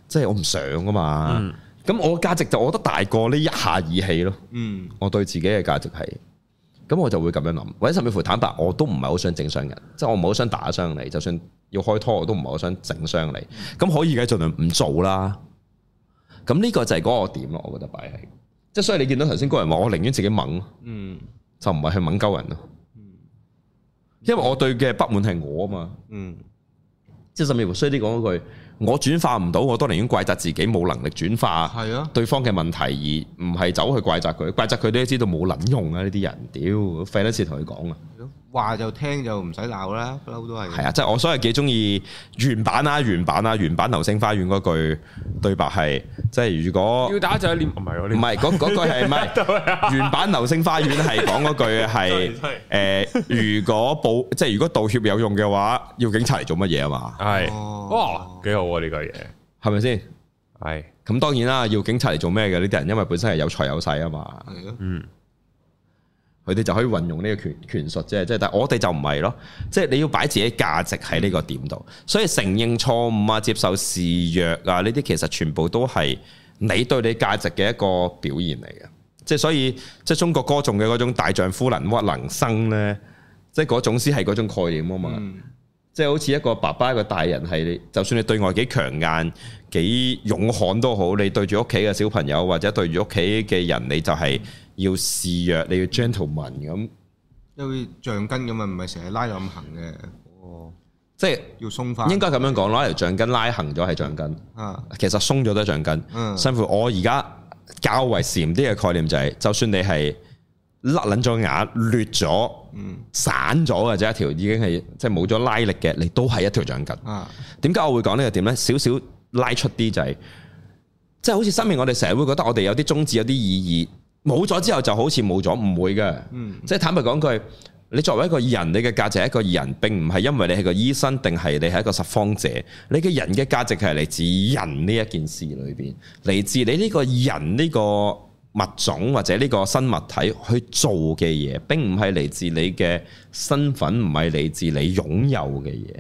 即係我唔想㗎嘛。咁、嗯、我價值就我覺得大過呢一下意氣咯。嗯，我對自己嘅價值係。咁我就會咁樣諗，或者甚至乎坦白，我都唔係好想整傷人，即係我唔係好想打傷你。就算要開拖，我都唔係好想整傷你。咁可以嘅，盡量唔做啦。咁呢個就係嗰個點咯，我覺得擺喺，即係所以你見到頭先高人話，我寧願自己猛，嗯，就唔係去猛鳩人咯，嗯，因為我對嘅不滿係我啊嘛，嗯，即係甚至乎衰啲講嗰句。我轉化唔到，我都寧願怪責自己冇能力轉化對方嘅問題，而唔係走去怪責佢。怪責佢都知道冇撚用啊！呢啲人，屌，費多事同佢講啊！話就聽就唔使鬧啦，不嬲都係。係啊，即、就、係、是、我所謂幾中意原版啊，原版啊、原版、啊《原版流星花園》嗰句對白係，即係如果要打就一念，唔係唔係，嗰句係唔係？那個、 原版《流星花園》係講嗰句係，誒，如果道即係如果道歉有用嘅話，要警察嚟做乜嘢啊？嘛，係吧，哇是，幾好啊呢個嘢，係咪先？係，咁當然啦，要警察嚟做咩嘅？呢啲人因為本身係有財有勢啊嘛，的嗯。佢哋就可以運用呢個權權術啫，即係但係我哋就唔係咯，即係你要擺自己價值喺呢個點度，所以承認錯誤啊、接受示弱啊，呢啲其實全部都係你對你價值嘅一個表現嚟嘅，即係所以即係中國歌頌嘅嗰種大丈夫能屈能伸呢，即係嗰種先係嗰種概念啊嘛。即係好似一個爸爸一個大人係你，就算你對外幾強硬幾勇悍都好，你對住屋企嘅小朋友或者對住屋企嘅人，你就係要示弱，你要 gentleman 咁。因為橡筋咁啊，唔係成日拉咁行嘅。即係要鬆返。應該咁樣講，攞條橡筋拉行咗係橡筋。啊，其實鬆咗都係橡筋。啊、嗯，辛苦。我而家較為禪啲嘅概念就係、是，就算你係。甩捻咗牙，裂咗，嗯、散咗或者一條已經係即係冇咗拉力嘅，你都係一條長筋。點解、啊、我會講呢個點呢？少少拉出啲就係，即係好似生命，我哋成日會覺得我哋有啲宗旨，有啲意義，冇咗之後就好似冇咗，唔會嘅。嗯、即係坦白講句，你作為一個人，你嘅價值係一個人，並唔係因為你係個醫生，定係你係一個拾荒者，你嘅人嘅價值係嚟自人，呢一件事裏邊，嚟自你呢個人呢、呢個。物種或者呢個生物體去做嘅嘢，並唔係嚟自你嘅身份，唔係嚟自你擁有嘅嘢。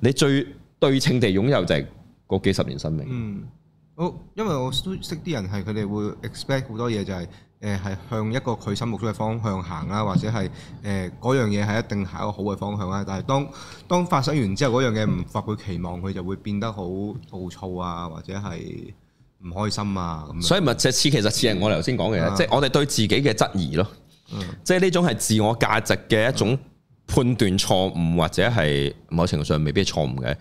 你最對稱地擁有就係嗰幾十年生命。嗯，好，因為我都識啲人係佢哋會 expect 好多嘢、就是，就係誒係向一個佢心目中嘅方向行啊，或者係誒嗰樣嘢係一定係一個好嘅方向啊。但係當當發生完之後，嗰樣嘢唔符合期望，佢就會變得好暴躁啊，或者係。唔開心啊，所以咪似其實似係我哋頭先講嘅，即係、啊、我哋對自己嘅質疑咯，即係呢種係自我價值嘅一種判斷錯誤，啊、或者係某程度上未必係錯誤嘅。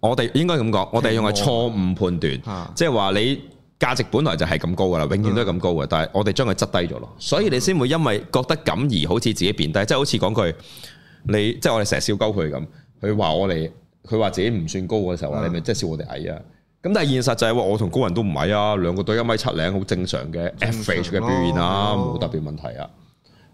我哋應該咁講，我哋用係錯誤判斷，即係話你價值本來就係咁高噶啦，永遠都係咁高噶，啊、但係我哋將佢質低咗咯，所以你先會因為覺得咁而好似自己變低，即係、嗯、好似講句你，即、就、係、是、我哋成日笑鳩佢咁，佢話我哋，佢話自己唔算高嘅時候，你咪即係笑我哋矮啊。啊啊咁但係現實就係我同高人都唔係啊，兩個都一米七零，好正常嘅 average 嘅表現啊，冇特別問題啊。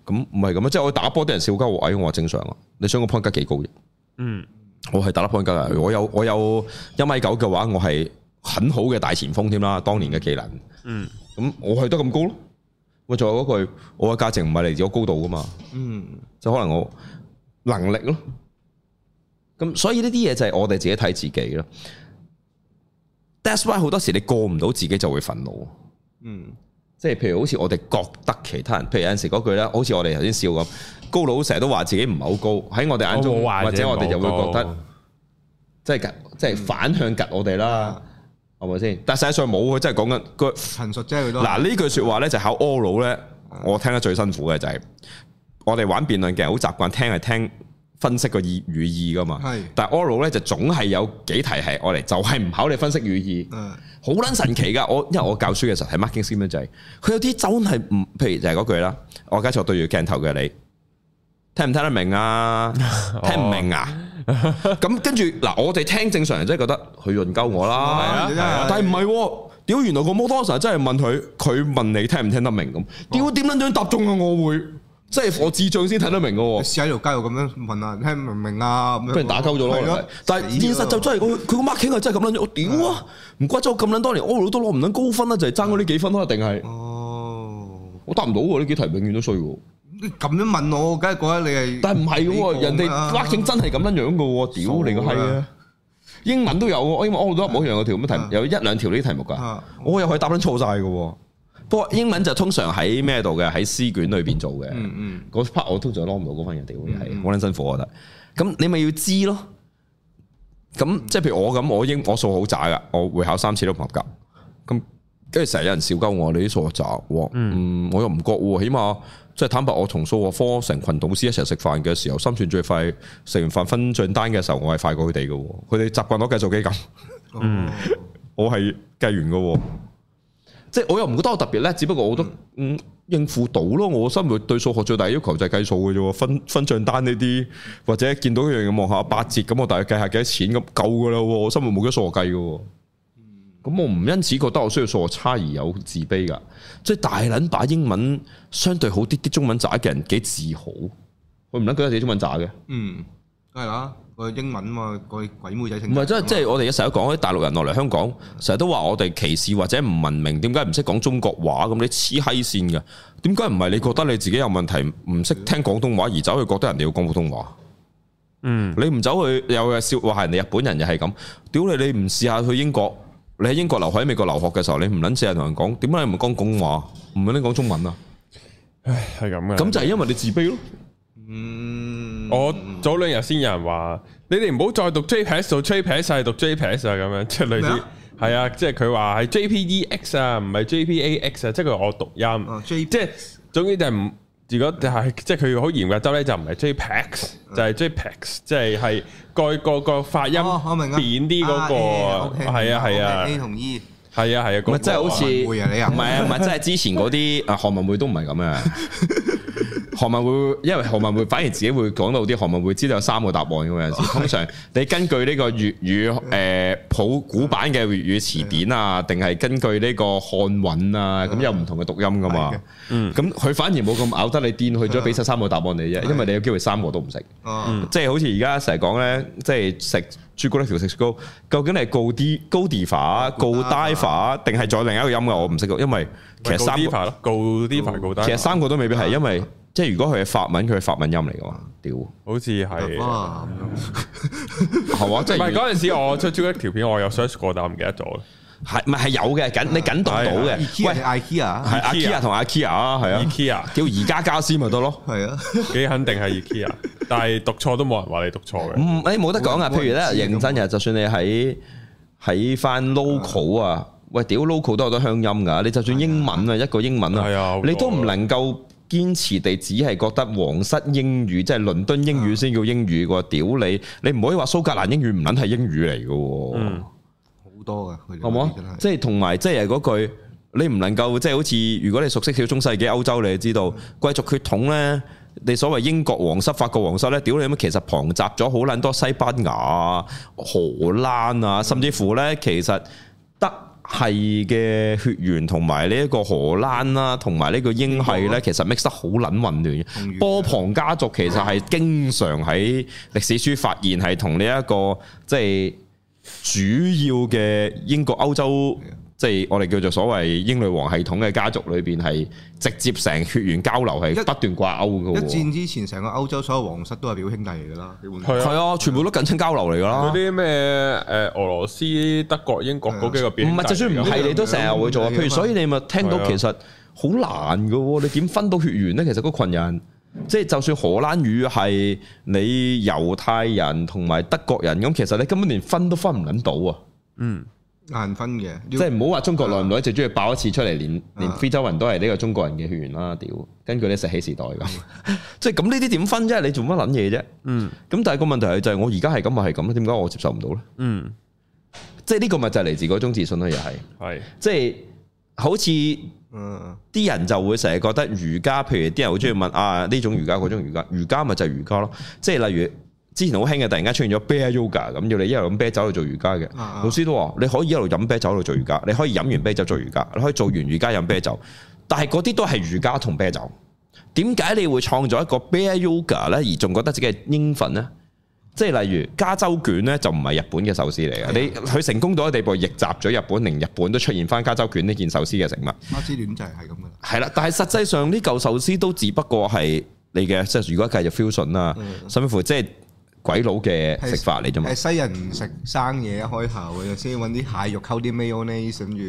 咁唔係咁啊，即係我打波啲人笑鳩矮，哎，我正常啊。你想我 point 加幾高嘅，啊？嗯，我係打得 point 加。我有我有一米九嘅話，我係很好嘅大前鋒添啦。當年嘅技能，嗯，咁我係得咁高咯，啊。咪仲有嗰句，我嘅價值唔係嚟自我高度噶嘛。嗯，就可能我能力咯，啊。咁所以呢啲嘢就係我哋自己睇自己咯。That's why 好多時你過唔到自己就會憤怒，嗯，即係譬如好似我哋覺得其他人，譬如有陣時嗰句咧，好似我哋頭先笑咁，高佬成日都話自己唔係好高，喺我哋眼中或者我哋就會覺得，即係即係反向夾我哋啦，係咪先？吧但實際上冇，佢真係講緊個陳述啫。佢都嗱呢句説話咧，就考 all 佬咧，我聽得最辛苦嘅就係、是、我哋玩辯論嘅人好習慣，聽係聽。分析個意語意噶嘛？係是，但係 oral 咧就總係有幾題係我嚟，就係唔考你分析語意。嗯是，好撚神奇噶！我因為我教書嘅時候係 marking scheme 仔，佢有啲真係唔，譬如就係嗰句啦。我而家坐對住鏡頭嘅你，聽唔聽得明啊？聽唔明啊？咁、哦、 跟住嗱，我哋聽正常人真係覺得佢潤鳩我啦。係啊，但係唔係？屌，原來，原來個 model 當真係問佢，佢問你聽唔聽得明咁？屌，點撚樣答中啊？我會。即係我智障先睇得明噶喎，試喺條街度咁樣問啊，你聽明唔明啊？俾人打溝咗咯，但係現實就真係佢佢個 marketing 真係咁撚樣，我屌啊！唔怪得我咁撚多年 oral 攞唔到高分啦，就係爭嗰啲幾分啦，定係？哦，我答唔到喎，呢幾題永遠都衰喎。你咁樣問我，梗係覺得你係，但唔係喎，人哋 marketing 真係咁撚樣噶喎，屌你個閪啊！英文都有喎，我英文 oral 冇一樣個條咁嘅題，有一兩條呢啲題目噶，我又係答撚錯晒嘅喎。不過英文就通常喺咩度嘅？喺試卷裏邊做嘅，嗯。嗯嗯。嗰 part 我通常攞唔到嗰份，人哋你係好捻辛苦我得。咁你咪要知咯。咁即係譬如我咁，我英我數好渣噶，我會考三次都唔合格。咁跟住成日有人笑鳩我，你啲數學渣。嗯。我又唔覺喎，起碼即係坦白我數，我同數學科成群導師一齊食飯嘅時候，心算最快，食完飯分賬單嘅時候，我係快過佢哋嘅。佢哋習慣攞計數機咁。嗯。 我係計完嘅。即係我又唔覺得我特別叻，只不過我都嗯，嗯應付到咯。我生活對數學最大要求就係計數嘅啫，分分賬單呢啲或者見到一樣嘢望下八折咁，我大概計下幾多錢咁夠噶啦。我生活冇咗數學計嘅，咁，嗯嗯，我唔因此覺得我需要數學差而有自卑噶。即係大撚把英文相對好啲啲，中文渣嘅人幾自豪，我唔撚覺得自己中文渣嘅。嗯，係啦。個英文嘛，個鬼妹仔聽唔係，即係即係我哋成日講啲大陸人落嚟香港，成日都話我哋歧視或者唔文明，點解唔識講中國話，咁你黐閪線㗎？點解唔係你覺得你自己有問題，唔識聽廣東話而走去覺得人哋要講普通話？嗯，你唔走去又係笑話人哋日本人又係咁？屌你！你唔試下去英國，你喺英國留喺美國留學嘅時候，你唔撚試下同人講點解你唔講廣東話，唔撚講中文啊？唉，係咁嘅。咁就係因為你自卑咯。嗯。我早兩日先有人話，你哋唔好再讀 JPEX 做 JPEX，係讀 JPEX 啊咁樣，即係、啊、類似係啊，即係佢話係 JPEX 啊，唔係 JPAX 啊，即係、啊就是、我讀音，即係、哦就是，總之就係唔如果係即係佢好嚴格咗咧，就唔、是、係 JPEX,、嗯、x 就係 JPEX 即係係個個個發音扁啲嗰個，係、哦、啊係啊，你同意係啊係啊，即係好似韓文妹啊唔係即係， 之前嗰啲啊韓文妹都唔係咁啊。 韓文會，因為韓文會反而自己會講到啲韓文會知道有三個答案咁嘅意思。有陣時通常你根據呢個粵語誒，好、呃、古板嘅粵語詞典啊，定係根據呢個漢韻啊，咁有唔同嘅讀音噶嘛。的嗯，咁佢、嗯、反而冇咁咬得你掂，去咗俾晒三個答案你啫。因為你有機會三個都唔識的、嗯。即係好似而家成日講咧，即係食。朱古力條雪糕究竟你係 Godi、Godiva、Godaiva 定係再另一個音嘅？我唔識講，因為其實三個, iva, iva, 其實三個都未必係，D iva, 因為即係如果佢係法文，佢係法文音嚟嘅嘛。屌、啊，好似係係嘛？即係唔係嗰陣時我出朱古力條片我有 search 過，但係唔記得咗。係咪係有嘅？緊你緊讀到嘅？喂，IKEA，係 IKEA 同 IKEA 啊，係啊，IKEA 叫宜家家私咪得咯，係啊，幾肯定係 IKEA，但係讀錯都冇人話你讀錯嘅。嗯，你冇得講啊。譬如咧，認真嘅，就算你喺喺翻 local 啊，喂，屌 local 都有好多鄉音噶。你就算英文啊，一個英文啊，你都唔能夠堅持地只係覺得皇室英語，即係倫敦英語先叫英語喎。屌你，你唔可以話蘇格蘭英語唔撚係英語嚟嘅喎。多嘅，好冇？即係同埋，即係嗰句，你唔能夠，即係好似如果你熟悉小中世紀歐洲，你就知道貴族血統呢，你所謂英國王室、法國王室呢，屌你乜，其實龐雜咗好撚多西班牙、荷蘭啊，嗯、甚至乎呢，其實德系嘅血緣同埋呢一個荷蘭啦，同埋呢個英系呢，嗯、其實 mix 得好撚混亂。波旁家族其實係經常喺歷史書發現係同呢一個即係。主要嘅英國歐洲，即、就、係、是、我哋叫做所謂英女王系統嘅家族裏邊，係直接成血緣交流係不斷掛勾嘅。一戰之前，成個歐洲所有皇室都係表兄弟嚟噶啦，係啊，啊全部都緊親交流嚟噶啦。嗰啲咩誒俄羅斯、德國、英國嗰幾個表？唔係、啊、就算唔係你都成日會做。譬如所以你咪聽到其實好難嘅喎，啊啊、你點分到血緣咧？其實嗰羣人。即係就算荷蘭語係你猶太人同埋德國人，咁其實你根本連分都分唔捻到啊！嗯，難分嘅，you、即係唔好話中國來唔來，啊、最中意爆一次出嚟，連連非洲人都係呢個中國人嘅血緣啦！屌，根據你石器時代咁， 即係咁呢啲點分啫？你做乜捻嘢啫？嗯，咁但係個問題係就係我而家係咁，咪係咁咯？點解我接受唔到咧？嗯，即係呢個咪就係嚟自嗰種自信咯、啊，又係係，即係是、就是、好似。嗯，啲人就會成日覺得瑜伽，譬如啲人好中意問啊呢種瑜伽，嗰種瑜伽，瑜伽咪就係瑜伽咯。即係例如之前好興嘅，突然間出現咗 beer yoga 咁，要你一路飲啤酒去做瑜伽嘅。老師都話你可以一路飲啤酒去做瑜伽，你可以飲完啤酒做瑜伽，你可以做完瑜伽飲啤酒。但係嗰啲都係瑜伽同啤酒。點解你會創造一個 beer yoga 咧，而仲覺得自己係英粉呢？即係例如加州卷咧，就唔係日本嘅壽司嚟嘅。的你佢成功到一個地步，逆襲咗日本，令日本都出現翻加州卷呢件壽司嘅食物。壽司卷就係咁嘅。係啦，但係實際上呢嚿壽司都只不過係你嘅，即、就、係、是、如果繼續 fusion 啦的，甚至乎即係鬼佬嘅食法嚟啫嘛。西人食生嘢開口，又先揾啲蟹肉溝啲 mayonnaise，跟住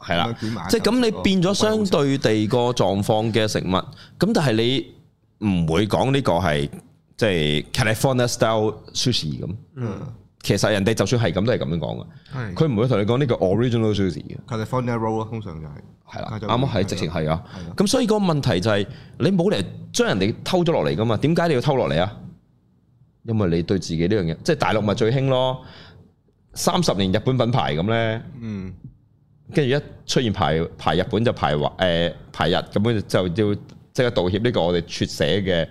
係啦，即係咁，你變咗相對地個狀況嘅食物。咁、嗯、但係你唔會講呢個係。即係 California style sushi 咁，嗯，其實人哋就算係咁都係咁樣講噶，係佢唔會同你講呢個 original sushi California roll 通常就係係啦，啱啱，係直情係啊，咁所以個問題就係你冇嚟將人哋偷咗落嚟噶嘛？點解你要偷落嚟啊？因為你對自己呢樣嘢，即係大陸咪最興咯？三十年日本品牌咁咧，嗯，跟住一出現排排日本就排華誒排日咁樣就要即刻道歉，呢個我哋出寫嘅。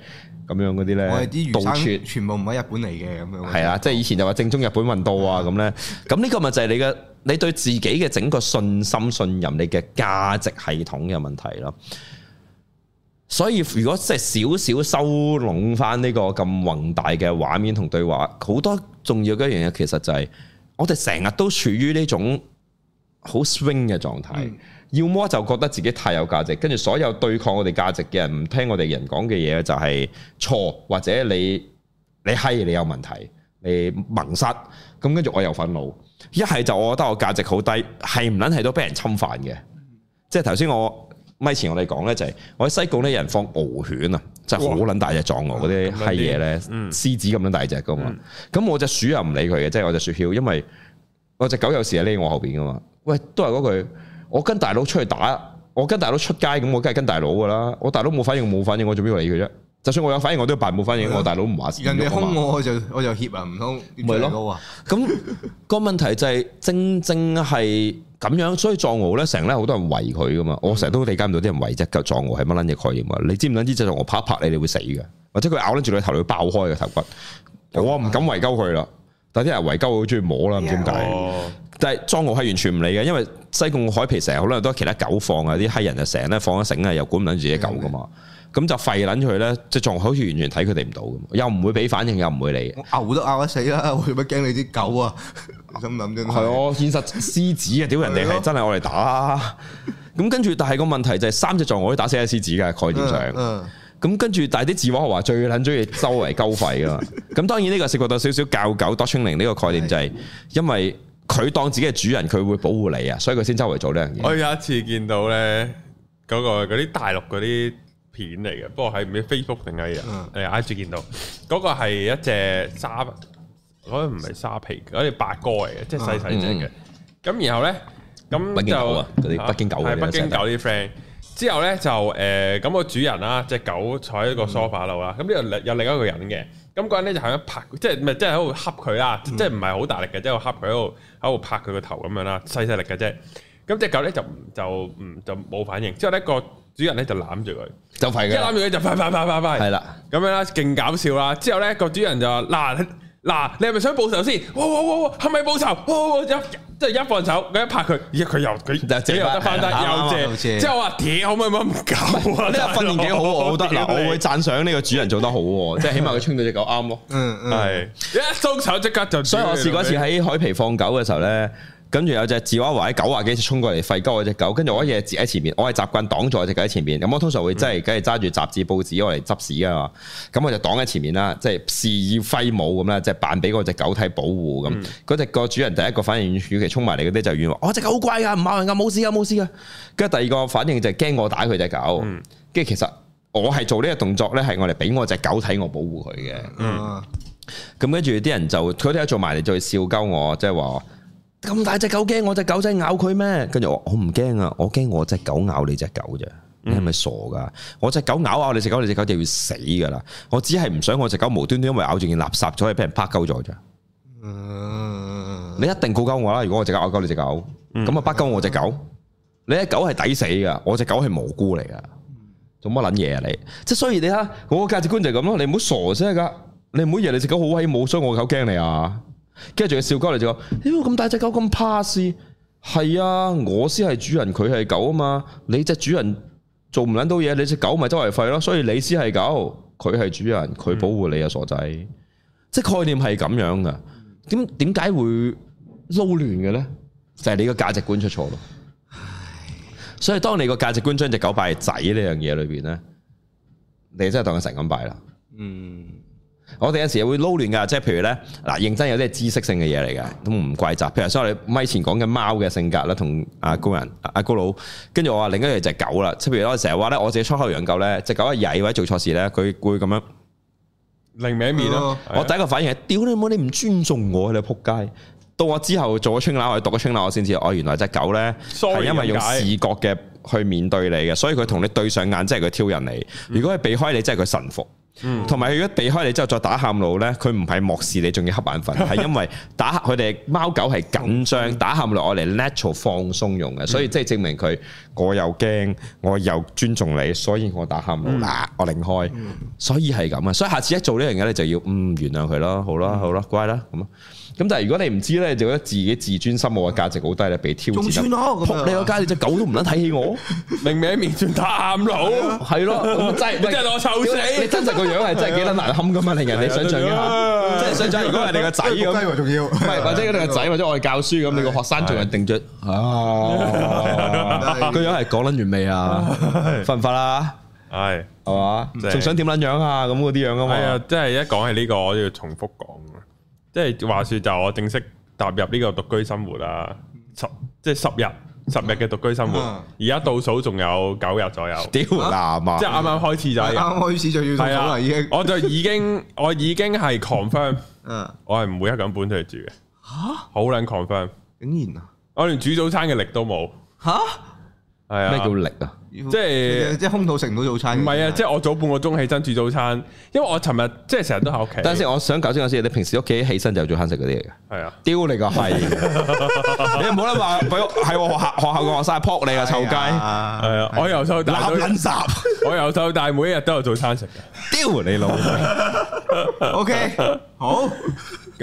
咁樣嗰啲咧，啲竊處全部唔係日本嚟嘅咁樣。係啊，即係以前就話正宗日本運動啊咁咧。咁 呢咁呢個咪就係你嘅，你對自己嘅整個信心、信任、你嘅價值系統嘅問題咯。所以如果即係少少收攏返呢個咁宏大嘅畫面同對話，好多重要嘅一樣嘢其實就係我哋成日都處於呢種好 swing 嘅狀態。嗯要麼就覺得自己太有價值，跟住所有對抗我哋價值嘅人唔聽我哋人講嘅嘢就係錯，或者你你閪你有問題，你盟失，咁跟住我又憤怒。一係就我覺得我價值好低，係唔撚係都俾人侵犯嘅。嗯、即係頭先我咪前我哋講呢，就係、是、我喺西貢呢，有人放獒犬啊，即係好撚大隻藏獒嗰啲閪嘢呢，獅子咁樣大隻噶嘛。咁我隻鼠又唔理佢嘅，即係我隻雪橇，因為我隻狗有時喺匿我後邊噶嘛。喂，都係嗰句。我跟大佬出去打，我跟大佬出街，咁我梗係跟大佬噶啦。我大佬冇反應，冇反應，我做咩理佢啫？就算我有反應，我都扮冇反應。吧我大佬唔話事。人哋通我，我就我就怯啊，唔通唔係咯？咁、那個問題就係、是、正正係咁樣，所以藏獒咧成日好多人圍佢噶嘛。我成日都理解唔到啲人圍啫，個藏獒係乜撚嘢概念啊？你知唔知？呢隻藏獒拍一拍你，你會死噶，或者佢咬捻住你頭，佢爆開個頭骨。我唔敢圍鳩佢啦。但啲人圍鳩好中意摸啦，唔知點解。但係藏獒係完全唔理嘅，因為西貢海皮成日好多人都係其他狗放啊，啲黑人就成日咧放咗繩啊，又管唔緊住啲狗噶嘛，咁就吠撚住佢咧。即藏獒好似完全睇佢哋唔到嘅，又唔會俾反應，又唔會理。我牛都咬得死啦，會唔會驚你啲狗啊？咁諗啫。係哦、 嗯，現實獅子啊，屌人哋係真係我哋打。咁 跟住，但係個問題就係、是、三隻藏獒都打死隻獅子嘅，概念上。嗯嗯。咁跟住，但係啲字幕學話最撚中意周圍鳩吠噶嘛？咁 當然呢個涉及到少少教狗 dog training 呢個概念就係，因為佢當自己係主人，佢會保護你啊，所以佢先周圍做呢樣嘢。我有一次見到咧，嗰、那個嗰啲大陸嗰啲片嚟嘅，不過係咩 Facebook 定係啊？誒 I G 見到嗰個係一隻沙，嗰、那個唔係沙皮，嗰隻八哥嚟嘅，即係細細隻嘅。咁、嗯、然後咧，咁、那個、就嗰啲北京狗，北京狗啲 friend。之後咧就誒咁、呃那個主人啦，隻狗坐喺個梳化度啦。咁呢度有另一個人嘅，咁、那、嗰、個、人咧就喺度拍，即係唔係即係喺度恰佢啦，即係唔係好大力嘅，即係恰佢喺度喺度拍佢個頭咁樣啦，細細力嘅啫。咁隻狗咧就就唔就冇反應。之後咧個主人咧就攬住佢，就吠嘅。一攬住佢就吠吠吠吠吠，係啦，咁樣啦，勁搞笑啦。之後咧個主人就話，嗱。嗱，你係咪想報仇先？哇哇哇，係咪報仇？即係一放手，我一拍佢，咦佢又佢，你又得翻得又借。即係我話：屌，可唔可以幫唔救？你話訓練幾好，我覺得嗱，我會讚賞呢個主人做得好喎，即係起碼佢衝到隻狗啱咯。嗯，係一鬆手即刻就。所以我試過一次喺海皮放狗嘅時候咧。跟住有隻字畫畫喺狗話，幾次沖過嚟吠鳩我隻狗，跟住我嘢截喺前面，我係習慣擋住我隻狗喺前面。咁我通常會即係梗係揸住雜誌報紙我嚟執屎噶嘛。咁我就擋喺前面啦，即係肆意揮舞咁啦，即係扮俾嗰隻狗睇保護咁。嗰隻個主人第一個反應，如其沖埋嚟嗰啲就遠話，我隻狗好乖噶，唔咬人噶，冇事噶，冇事噶。跟住第二個反應就係驚我打佢隻狗。跟住其實我係做呢個動作咧，係我嚟俾我隻狗睇我保護佢嘅。嗯，咁跟住啲人就佢哋做埋嚟再笑鳩我，即係話。咁大隻狗驚我隻狗仔咬佢咩？跟住我，我唔驚啊！我驚我隻狗咬你隻狗啫。你係咪傻噶？我隻狗咬咬你隻狗，你隻狗，狗，狗就要死噶啦！我只係唔想我隻狗無端端因為咬住件垃圾，所以俾人拍鳩咗咋？你一定告鳩我啦！如果我隻狗咬鳩你隻狗，咁啊、嗯，拍鳩我隻狗。你隻狗係抵死噶，我隻狗係無辜嚟噶。做乜捻嘢啊你？即係所以你睇下，我個價值觀就係咁咯。你唔好傻啫噶！你唔好以為你隻狗好威所以我狗驚你啊！跟住仲要笑鳩你麼麼，就話妖，咁大隻狗咁怕事，係啊，我先係主人，佢係狗啊嘛。你隻主人做唔捻到嘢，你隻狗咪周圍吠咯。所以你先係狗，佢係主人，佢保護你啊，傻仔。即係概念係咁樣噶，點點解會撈亂嘅咧？就係你個價值觀出錯咯。所以當你個價值觀將隻狗擺係仔呢樣嘢裏邊咧，你真係當佢成咁擺啦。嗯。我哋有時會撈亂㗎，即係譬如咧，嗱，認真有啲係知識性嘅嘢嚟嘅，都唔怪責。譬如我哋咪前講嘅貓嘅性格啦，同阿高人、阿高佬，跟住我話另一樣就係狗啦。即譬如我成日話咧，我自己出口養狗咧，隻狗一曳或者做錯事咧，佢會咁樣另名面咯。嗯、我第一個反應係：屌、嗯、你冇，你唔尊重我你撲街！到我之後做咗春樓，我讀咗春樓，我先知，我原來隻狗咧係因為用視覺嘅去面對你嘅，所以佢同你對上眼，即係佢挑釁你。如果佢避開你，即係佢臣服。同埋如果避開你之後再打喊路咧，佢唔係漠視你，仲要黑眼瞓，係 因為打佢哋貓狗係緊張，打喊路我嚟 natural 放鬆用嘅，所以即係證明佢、嗯、我又驚我又尊重你，所以我打喊路嗱、嗯啊，我另開，嗯、所以係咁啊，所以下次一做呢樣嘢，咧就要嗯原諒佢咯，好啦好啦、嗯、乖啦咁啊。咁但係如果你唔知咧，就覺得自己自尊心我嘅價值好低咧，被挑戰。仲仆你個街，你隻狗都唔撚睇起我，明明面前打暗佬，係咯，咁真真係我臭死。你真實個樣係真係幾撚難堪噶嘛，令人哋想像下，即係想像如果係你個仔咁，唔係或者你個仔或者我哋教書咁，你個學生仲係定著，啊，個樣係講撚完未啊？發唔發啦？係係嘛？仲想點撚樣啊？咁嗰啲樣啊嘛？係啊，即係一講起呢個，我要重複講。即係話說，就我正式踏入呢個獨居生活啦，十即係十日十日嘅獨居生活，而家倒數仲有九日左右。屌啊，即係啱啱開始就啱、係、開始就要係啦，啊、已經我就已經 我已經係 confirm，我係唔會一個人搬出去住。吓、啊，好撚 confirm！竟然啊，我連煮早餐嘅力都冇。吓，係啊。咩、啊、叫力啊？即係即係空肚食唔到早餐。唔係啊，即係我早半個鐘起身煮早餐，因為我尋日即係成日都喺屋企。但係我想搞清楚先，你平時屋企起身就有早餐食嗰啲嚟嘅？係啊，丟你個鞋，啊、 你唔好諗話俾喺我學校學校嘅學生撲你啊，哎、呀臭街雞！係啊，我由細大垃圾，我由細到大，每一日都有早餐食嘅，丟你老味。 o、okay, K，好。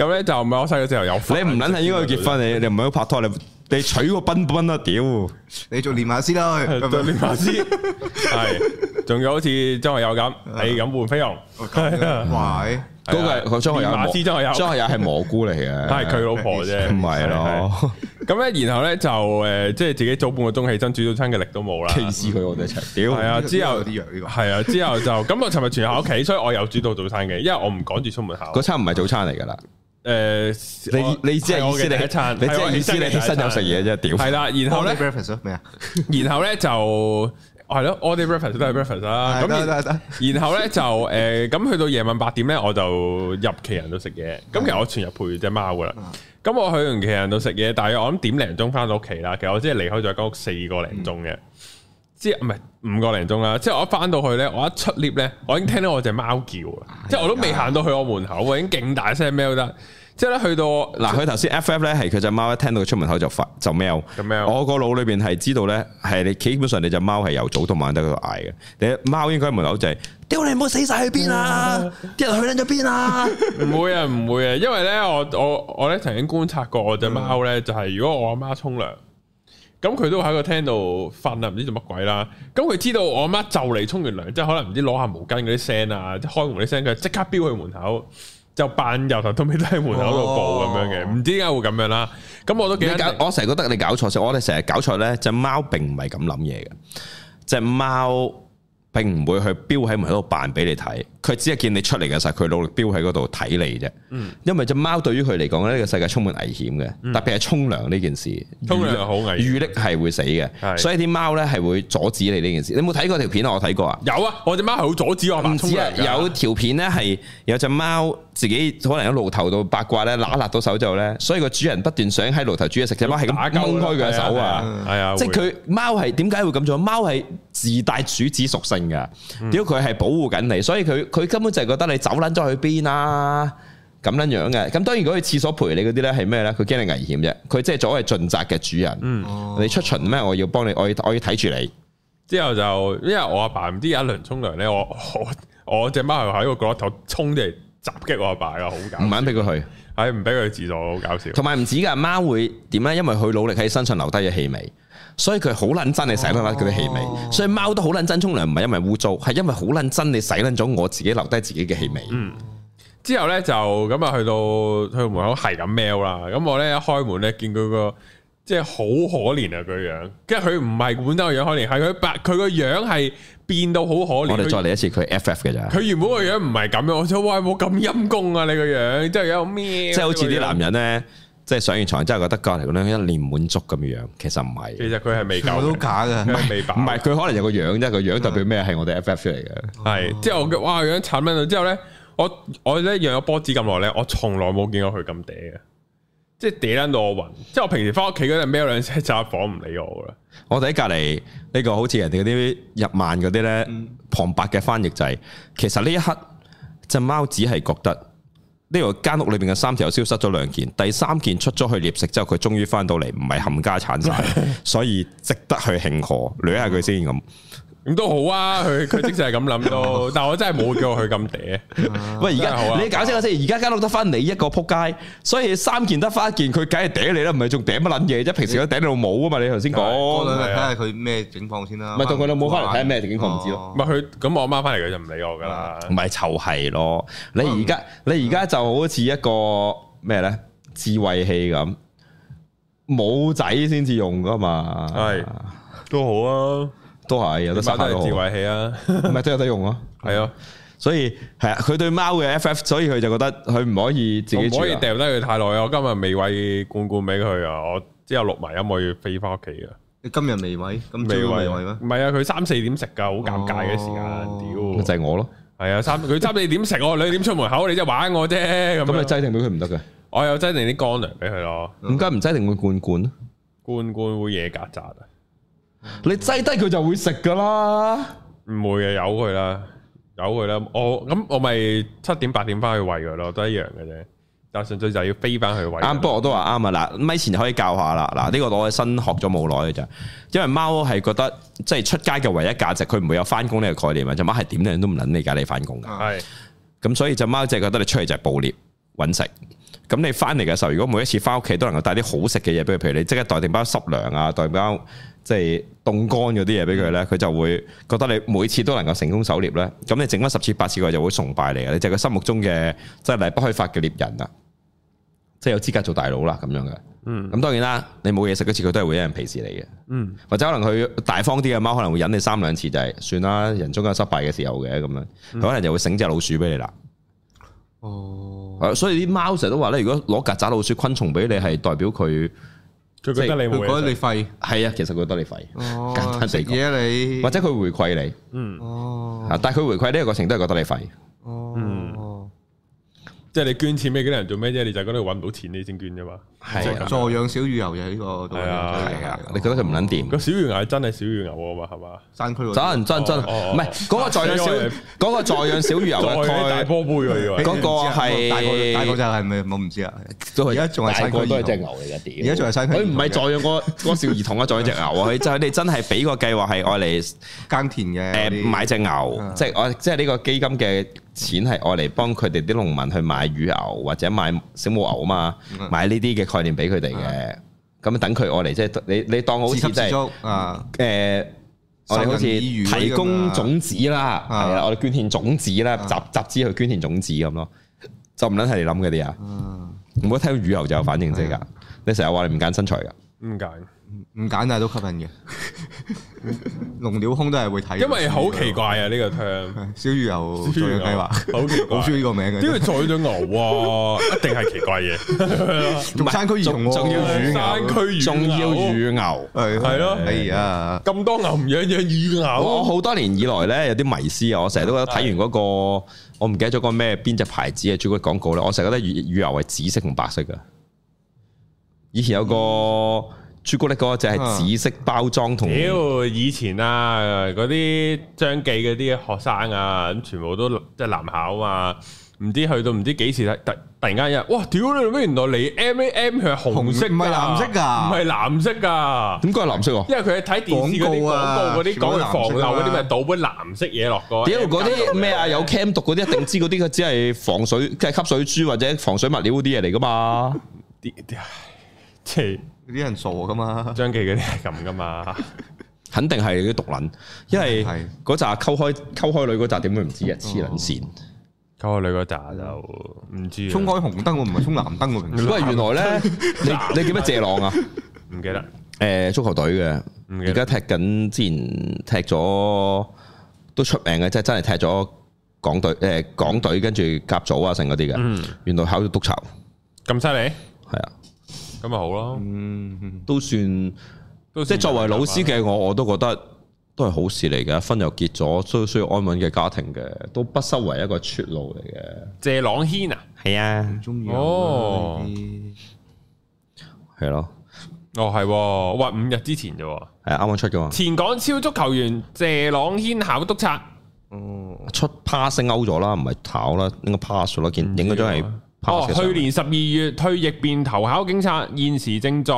咁咧就唔係我細個時候有，你唔撚係應該要結婚，你你唔係去拍拖，你你娶個賓賓啊，屌！你做練馬師啦，練馬師係，仲有好似張學友咁，你咁換飛鴻，哇喂，嗰個張學友馬師，張學友張學友係蘑菇嚟嘅，係佢老婆啫，唔係咯。咁咧然後咧就誒，即係自己早半個鐘起身煮早餐嘅力都冇啦，黐視佢我哋一齊屌係啊。之後係啊，之後就咁我尋日全日喺屋企，所以我有煮到早餐嘅，因為我唔趕住出門口，嗰餐唔係早餐嚟噶啦。誒、呃，你你即係意思你一餐，你即係意思你啲親友食嘢啫，屌。係啦、啊，然後咧，然後咧就係咯，all day breakfast 都係 breakfast 啦。咁然後咧就誒，咁、呃、去到夜晚八點咧，我就入企人都食嘢。咁其實我全日陪隻貓噶啦。咁我去完企人都食嘢，大約我諗點零鐘翻到屋企啦。其實我即係離開咗間屋四個零鐘嘅。嗯即係唔係五個零鐘啦，即係我一翻到去咧，我一出 lift 咧，我已經聽到我隻貓叫，哎、呀即係我都未行到去我門口，我已經勁大聲喵得，即係咧去到嗱佢頭先 F F 咧係佢隻貓一聽到佢出門口就發就喵就喵，我個腦裏邊係知道咧係你基本上你隻貓係由早到晚都喺度嗌嘅，你貓應該喺門口就係、是，屌 你唔好死晒去邊啊，啲人去撚咗邊啊，唔 會啊唔會啊，因為咧我我我咧曾經觀察過我隻貓咧就係、是、如果我阿媽沖涼。咁佢都喺個廳度瞓啦，唔知做乜鬼啦。咁佢知道我阿媽就嚟沖完涼，即係可能唔知攞下毛巾嗰啲聲啊，即係開門啲聲，佢即刻飆去門口，就扮由頭到尾都喺門口度步咁樣嘅，唔知點解會咁樣啦。咁我都記得，我成日覺得你搞錯，即係我哋成日搞錯呢，隻貓並唔係咁諗嘢嘅，隻貓。並唔會去標喺門口度扮俾你睇，佢只係見你出嚟嘅時候，佢努力標喺嗰度睇你啫。因為隻貓對於佢嚟講，呢個世界充滿危險嘅，特別係沖涼呢件事，沖涼好危，預力係會死嘅，所以啲貓呢係會阻止你呢件事。你有冇睇過條片？我睇過啊，有啊，我隻貓係好阻止我唔止啊，有條片呢係有隻貓自己可能喺露頭到八卦呢揦揦到手之後呢，所以個主人不斷想喺露頭煮嘢食，隻貓係咁掹開佢手啊，啊，即係佢貓係點解會咁做？貓係自帶主子屬性。噶，如佢係保護緊你，所以佢佢根本就係覺得你走捻咗去邊啦、啊，咁樣樣嘅。咁當然，如果去廁所陪你嗰啲咧，係咩咧？佢驚你危險啫。佢即係做係盡責嘅主人。嗯，哦、你出巡咩？我要幫你，我要我要睇住你。之後就因為我阿爸唔知阿倫沖涼咧，我我我隻貓又喺個角落頭衝出嚟襲擊我阿爸噶，好搞唔肯俾佢去。係唔俾佢自助，好搞笑。同埋唔止噶，貓會點咧？因為佢努力喺身上留低嘅氣味，所以佢好捻憎你洗甩甩佢啲氣味。啊、所以貓都好捻憎沖涼，唔係因為污糟，係因為好捻憎你洗甩咗我自己留低自己嘅氣味、嗯。之後咧就咁啊，去到去門口係咁喵啦。咁、就是、我咧一開門咧，見佢、那個即係好可憐啊，佢樣。跟住佢唔係本身個樣可憐，係佢白佢個樣係。變到好可憐，我哋再嚟一次佢 FF 嘅咋？佢他他原本個樣唔係咁樣，我想話哇冇咁陰功啊！你個樣，樣，樣，即係有咩？即係好似啲男人咧，即係上完床之後覺得隔籬咁樣一年滿足咁嘅樣，其實唔係，其實佢係未搞到假噶，唔係未飽，唔係佢可能有個樣啫，個樣代表咩？係、嗯、我哋 FF 嚟嘅，係之後我哇樣慘咩之後咧，我我咧養咗波子咁耐咧，我從來冇見過佢咁嗲嘅。即係跌撚到我暈，即係我平時翻屋企嗰陣喵兩隻扎房唔理我噶。我哋喺隔離呢個好似人哋嗰啲日漫嗰啲咧旁白嘅翻譯就係，其實呢一刻隻貓只係覺得呢、呢個間屋裏邊嘅三條消失咗兩件，第三件出咗去獵食之後，佢終於翻到嚟，唔係冚家產晒， 所以值得去慶賀。捋下佢先咁。咁都好啊，佢佢即係咁諗到，但係我真係冇叫佢咁嗲。喂，而家好啊，你解釋我先，而家間屋得翻你一個仆街，所以三件得翻一件，佢梗係嗲你啦，唔係仲嗲乜撚嘢啫？平時有嗲你老母啊嘛，你頭先講。睇下佢咩情況先啦。咪係同佢老母翻嚟睇下咩情況唔知咯。咪佢咁我媽翻嚟佢就唔理我噶啦。唔係就係咯，你而家你而家就好似一個咩呢智慧器咁，冇仔先至用噶嘛。係都好啊。都係有得生都係自衛器啊，唔係有得用咯，係啊，所以係啊，佢對貓嘅 FF，所以佢就覺得佢唔可以自己可以掉低佢太耐啊！我今日未喂罐罐俾佢啊，我之後錄埋音我要飛翻屋企啊！你今日未喂，今日未喂咩？唔係啊，佢三四點食噶，好尷尬嘅時間，屌！就係我咯，係啊，三佢三四點食，我兩點出門口，你即係玩我啫，咁啊，擠定到佢唔得嘅，我有擠定啲乾糧俾佢咯，點解唔擠定罐罐罐罐會惹曱甴啊！你擠低佢就會食噶啦，唔會啊，由佢啦，由佢啦。我咁我咪七點八點翻去喂佢咯，都一樣嘅啫。但係純粹就算就要飛翻去喂。啱，嗯，不過我都話啱啊。嗱，咪前可以教下啦。嗱，呢個我新學咗冇耐嘅咋。因為貓係覺得即係出街嘅唯一價值，佢唔會有翻工呢個概念啊。隻貓係點樣都唔撚理解你翻工嘅，係咁是所以貓隻貓即係覺得你出去就係捕獵揾食。咁你翻嚟嘅時候，如果每一次翻屋企都能夠帶啲好食嘅嘢？俾佢，譬如你即刻帶定包濕糧啊，帶包。即係凍乾嗰啲嘢俾佢咧，佢就會覺得你每次都能夠成功狩獵咧。咁你整翻十次八次佢就會崇拜你嘅，你就係佢心目中嘅，即係嚟不開發嘅獵人啦。即係有資格做大佬啦，咁樣嘅，嗯嗯。嗯。咁當然啦，你冇嘢食嗰次，佢都係會有人鄙視你嘅。嗯。或者可能佢大方啲嘅貓，可能會忍你三兩次就係，是，算啦，人中間失敗嘅時候嘅咁樣，佢可能就會醒隻老鼠俾你啦。哦。嗯、所以啲貓成日都話咧，如果攞曱甴老鼠昆蟲俾你，係代表佢。佢覺得你，佢覺得你廢，係啊，其實佢覺得你廢。簡單嚟講，食嘢你，或者佢回饋你，但係佢回饋呢個過程都係覺得你廢。即係你捐錢俾嗰啲人做咩啫？你就係嗰度搵唔到錢，你先捐啫嘛。係助養小乳牛又係呢個。係啊，係啊，你覺得佢唔捻掂？個小乳牛係真係小乳牛啊嘛，係嘛？山區真真唔係嗰個助養小嗰個助養小乳牛。大波杯啊！我嗰個係大個大個就係咩？我唔知啊。而家仲係山區。大個都係隻牛嚟嘅，而家仲係山區。佢唔係助養個個小兒童啊，助養隻牛啊！佢真你真係俾個計劃係我嚟耕田嘅。誒，買隻牛，即係我即係呢個基金嘅。錢係愛嚟幫佢哋啲農民去買乳牛或者買小母牛啊嘛，買呢啲嘅概念俾佢哋嘅，咁的等佢愛嚟即係你你當好似即係，誒、呃，我哋好似提供種子啦，係啊的，我哋捐獻種子啦，的集集資去捐獻種子咁咯，就唔撚係你諗嗰啲啊，唔好聽到乳牛就有反應先噶，的你成日話你唔揀身材噶，唔揀。唔簡單都吸引嘅，龍鳥空都係會睇，因為好奇怪啊，呢個湯小魚油再計劃，好奇怪呢個名，嘅，因為養咗牛啊，一定係奇怪嘢，同埋山區魚蟲，仲要魚，山區魚，仲要乳牛，係係咯，係啊，咁多牛唔養養乳牛，我好多年以來咧有啲迷思啊，我成日都覺得睇完嗰個，我唔記得咗個咩邊隻牌子嘅朱古力廣告咧，我成日覺得乳乳牛係紫色同白色嘅，以前有個。朱古力嗰隻係紫色包裝，同，屌以前啊，嗰啲張記嗰啲學生啊，咁全部都即係男校啊，嘛，唔知去到唔知幾時突突然間一日，哇，屌你做咩？原來你 M A M 佢係紅色，唔係藍色噶，唔係藍色噶，點解藍色？因為佢睇電視嗰啲廣告、啊，嗰啲講防漏嗰啲咪倒杯藍色嘢落個？屌嗰啲咩啊？ 有 cam 讀嗰啲一定知嗰啲佢只係防水，即係吸水珠或者防水物料嗰啲嘢嚟噶嘛？啲即係。啲人傻噶嘛？張記嗰啲係咁噶嘛？ 肯定係啲毒撚，因為嗰紮溝開溝開女嗰紮點會唔知啊？黐撚線溝開、哦、女嗰扎就唔知。衝開紅燈我唔係衝藍燈喎。唔係原來咧，你你叫咩謝浪啊？唔記得。誒、欸、足球隊嘅，而家了踢緊，之前踢咗都出名嘅，即係真係踢咗港隊誒港隊，跟住甲組啊成嗰啲嘅。嗯，原來考咗督察，咁犀利？係啊。 咁咪好咯，嗯，都算，即係作為老師嘅我，我都覺得都係好事嚟嘅，婚又結咗，需需要安穩嘅家庭嘅，都不失為一個出路嚟嘅。謝朗軒啊，係啊，中意哦，係咯，哦係，喂五日之前啫，係啱啱出噶嘛。前港超足球員謝朗軒考督察，哦，出 pass 勾咗啦，唔係考啦，應該 pass 啦，見影咗都係。Oh, 去年十二月退役變投考警察，現時正在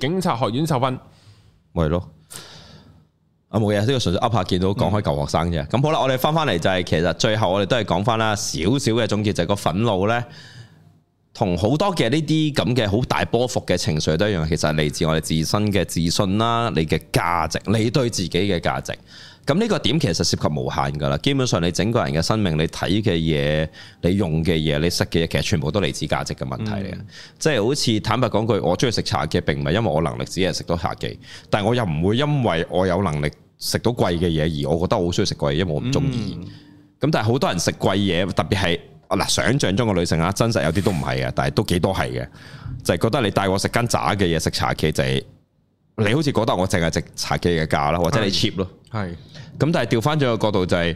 警察學院受訓，咪咯。啊冇嘢，呢個純粹噏下見到講開舊學生啫。咁、嗯、好啦，我哋翻翻嚟就係、是、其實最後我哋都係講翻啦，少少嘅總結就係、個憤怒呢。同好多嘅呢啲咁嘅好大波幅嘅情緒都一樣，其實嚟自我哋自身嘅自信啦，你嘅價值，你對自己嘅價值。咁呢個點其實涉及無限噶啦。基本上你整個人嘅生命，你睇嘅嘢、你用嘅嘢、你食嘅嘢，其實全部都嚟自價值嘅問題嚟嘅。即係、嗯、好似坦白講句，我中意食茶記並唔係因為我能力只係食到茶記，但係我又唔會因為我有能力食到貴嘅嘢，而我覺得好需要食貴，因為我唔中意。咁、嗯、但係好多人食貴嘢，特別係。嗱，想象中個女性啊，真實有啲都唔係啊，但係都幾多係嘅，就係、是、覺得你帶我食間渣嘅嘢食茶記就係，你好似覺得我淨係值茶記嘅價啦，或者你 cheap 咯，係。咁但係調翻轉個角度就係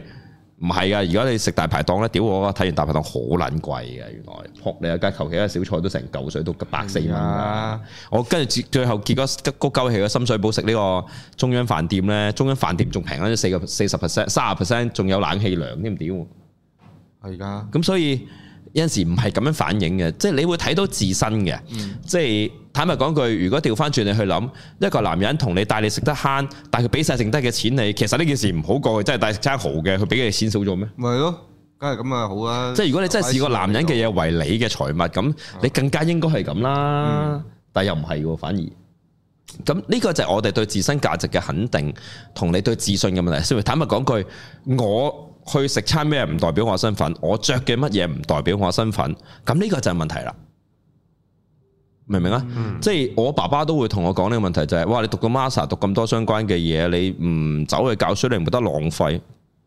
唔係啊？如果你食大排檔咧，屌我睇完大排檔好撚貴嘅，原來撲你一間求其一小菜都成嚿水都百四蚊啦。啊、我跟住最後結果谷鳩氣個，深水埗食呢個中央飯店咧，中央飯店仲平啲四個四十 percent、三十 percent，仲有冷氣涼添，咁屌。係噶，咁所以有陣時唔係咁樣反映嘅，即係你會睇到自身嘅，嗯、即係坦白講句，如果調翻轉你去諗，一個男人同你，帶你，但你食得慳，但係佢俾晒剩低嘅錢你，其實呢件事唔好過，去，真但係食餐豪嘅，佢俾嘅錢少咗咩？咪係咯，梗係咁啊好啦。即係如果你真係視個男人嘅嘢為你嘅財物，咁、嗯、你更加應該係咁啦。嗯、但係又唔係喎，反而咁呢個就係我哋對自身價值嘅肯定，同你對自信嘅問題。所以坦白講句，我。去食餐咩，唔代表我身份，我着嘅乜嘢唔代表我身份，咁呢個就係問題啦，明唔明啊？嗯、即係我爸爸都會同我講呢個問題，就是，就係哇，你讀咁 master，讀咁多相關嘅嘢，你唔走去教書，你唔覺得浪費，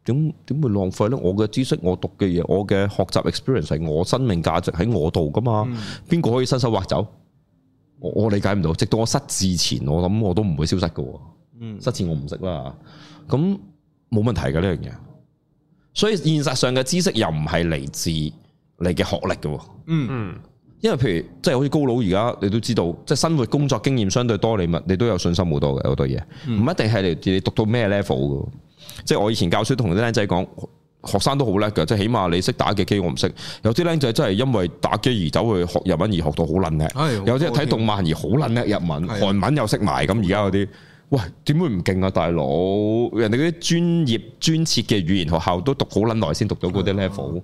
點點會浪費呢？我嘅知識，我讀嘅嘢，我嘅學習 experience 係我生命價值喺我度噶嘛？邊個、嗯、可以伸手劃走我？我理解唔到，直到我失智前，我諗我都唔會消失噶。嗯，失智我唔識啦，咁冇問題噶呢樣嘢。所以現實上嘅知識又唔係嚟自你嘅學歷嘅。嗯，因為譬如即係好似高佬而家你都知道，即係生活工作經驗相對多，你物你都有信心好多嘅好多嘢，唔一定係嚟自你讀到咩 level 嘅。嗯、即係我以前教書同啲僆仔講，學生都好叻嘅，即係起碼你識打嘅機我唔識，有啲僆仔真係因為打機而走去學日文而學到好撚叻，的有啲係睇動漫而好撚叻日文、的韓文又識埋，咁而家嗰啲。喂，點會唔勁啊，大佬？人哋嗰啲專業專設嘅語言學校都讀好撚耐先讀到嗰啲 level。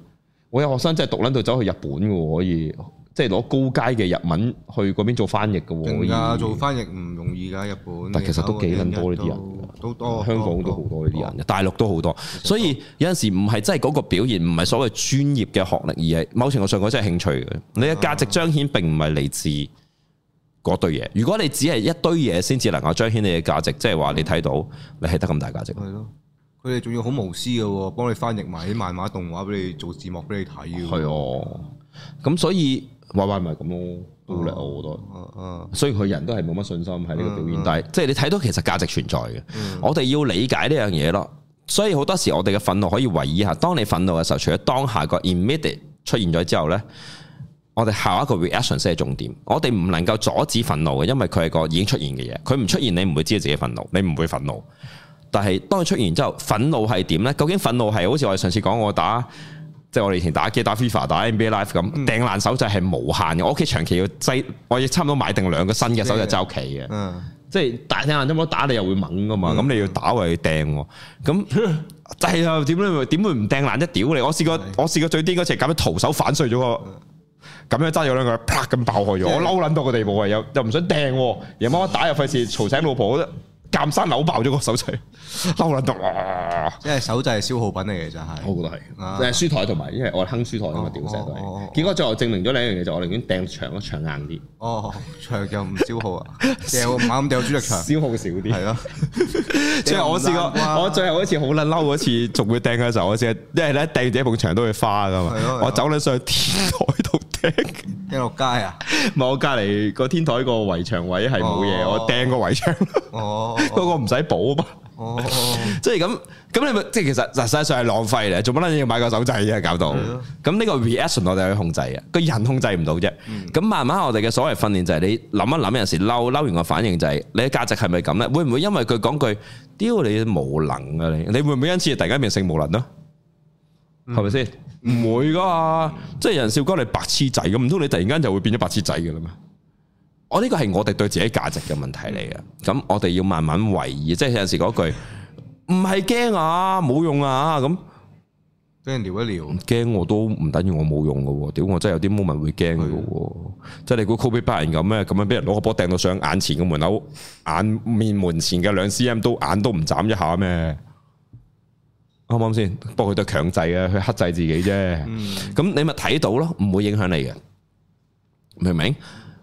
我有學生真係讀撚到走去日本嘅，可以即係攞高階嘅日文去嗰邊做翻譯嘅。可以做翻譯唔容易噶，日本。但其實都幾撚多呢啲人，都多。香港都好多呢啲人，大陸都好多。所以有陣時唔係真係嗰個表現，唔係所謂專業嘅學歷，而係某程度上講真係興趣嘅。你嘅價值彰顯並唔係嚟自。嗰堆嘢，如果你只係一堆嘢，先至能夠彰顯你嘅價值，即係話你睇到你係得咁大價值。係咯，佢哋仲要好無私嘅喎，幫你翻譯埋啲漫畫動畫俾你做字幕俾你睇。係哦，咁所以話話唔係咁咯，都叻好多。所以佢人都係冇乜信心喺呢、嗯、個表現，但係、嗯、即係你睇到其實價值存在嘅。嗯、我哋要理解呢樣嘢咯，所以好多時我哋嘅憤怒可以為意下。當你憤怒嘅時候，除咗當下個 immediate 出現咗之後咧。我哋下一個 reaction 先係重點，我哋唔能夠阻止憤怒嘅，因為佢係個已經出現嘅嘢，佢唔出現你唔會知道自己憤怒，你唔會憤怒。但係當佢出現之後，憤怒係點咧？究竟憤怒係好似我哋上次講，我打即係我哋以前打機打 FIFA 打 NBA Live 咁，掟爛手掣係無限嘅，我屋企長期要擠，我亦差唔多買定兩個新嘅手掣屋企嘅。嗯、即係打聽下，如果打你又會掹噶嘛？咁、嗯、你要打為掟，咁就係啊？點解點會唔掟爛一屌你？我試過，我試過最癲嗰次，搞到徒手反碎咗嗰個。.咁樣揸咗兩個，啪咁爆開咗，我嬲撚到個地步啊！又又唔想掟，夜晚打又費事嘈醒老婆，我鑑山扭爆咗個手仔，嬲撚到，即係手仔係消耗品嚟嘅，就係。我覺得係，即係書台同埋，因為我係坑書台啊嘛，掉石都係。結果最後證明咗兩樣嘢就，我寧願掟牆咯，牆硬啲。哦，牆又唔消耗啊，成晚咁掟主力牆，消耗少啲，係咯。即係我試過，我最後一次好撚嬲嗰次，仲會掟嘅時候，我試下，因為你一掟住呢埲牆都會花噶嘛，我走你上去天台度。掟落街啊？唔係，我隔籬個天台個圍牆位係冇嘢，我掟個圍牆。哦，嗰個唔使補啊嘛。哦，即係咁咁，你咪即係其實實際上係浪費咧，做乜咧要買個手掣啫？搞到咁呢個 reaction 我哋可以控制啊，個人控制唔到啫。咁慢慢我哋嘅所謂訓練就係你諗一諗，有時嬲嬲完個反應就係你嘅價值係咪咁咧？會唔會因為佢講句屌你無能啊？你你會唔會因此突然間變成無能咯？係咪先？唔、嗯、會噶，即係人笑哥你白痴仔咁，唔通你突然間就會變咗白痴仔嘅啦咩？哦、我呢個係我哋對自己價值嘅問題嚟嘅，咁、嗯、我哋要慢慢維以，即係有陣時嗰句唔係驚啊，冇用啊，咁俾人聊一聊。驚我都唔等於我冇用噶，屌我真係有啲 moment 會驚噶，的即係你估 Kobe Bryant 咁咩？咁樣俾人攞個波掟到上眼前嘅門口，眼面門前嘅兩 cm 都眼都唔眨一下咩？啱唔啱先？不過佢都係強制嘅，去克制自己啫。咁你咪睇到咯，唔會影響你嘅，明唔明？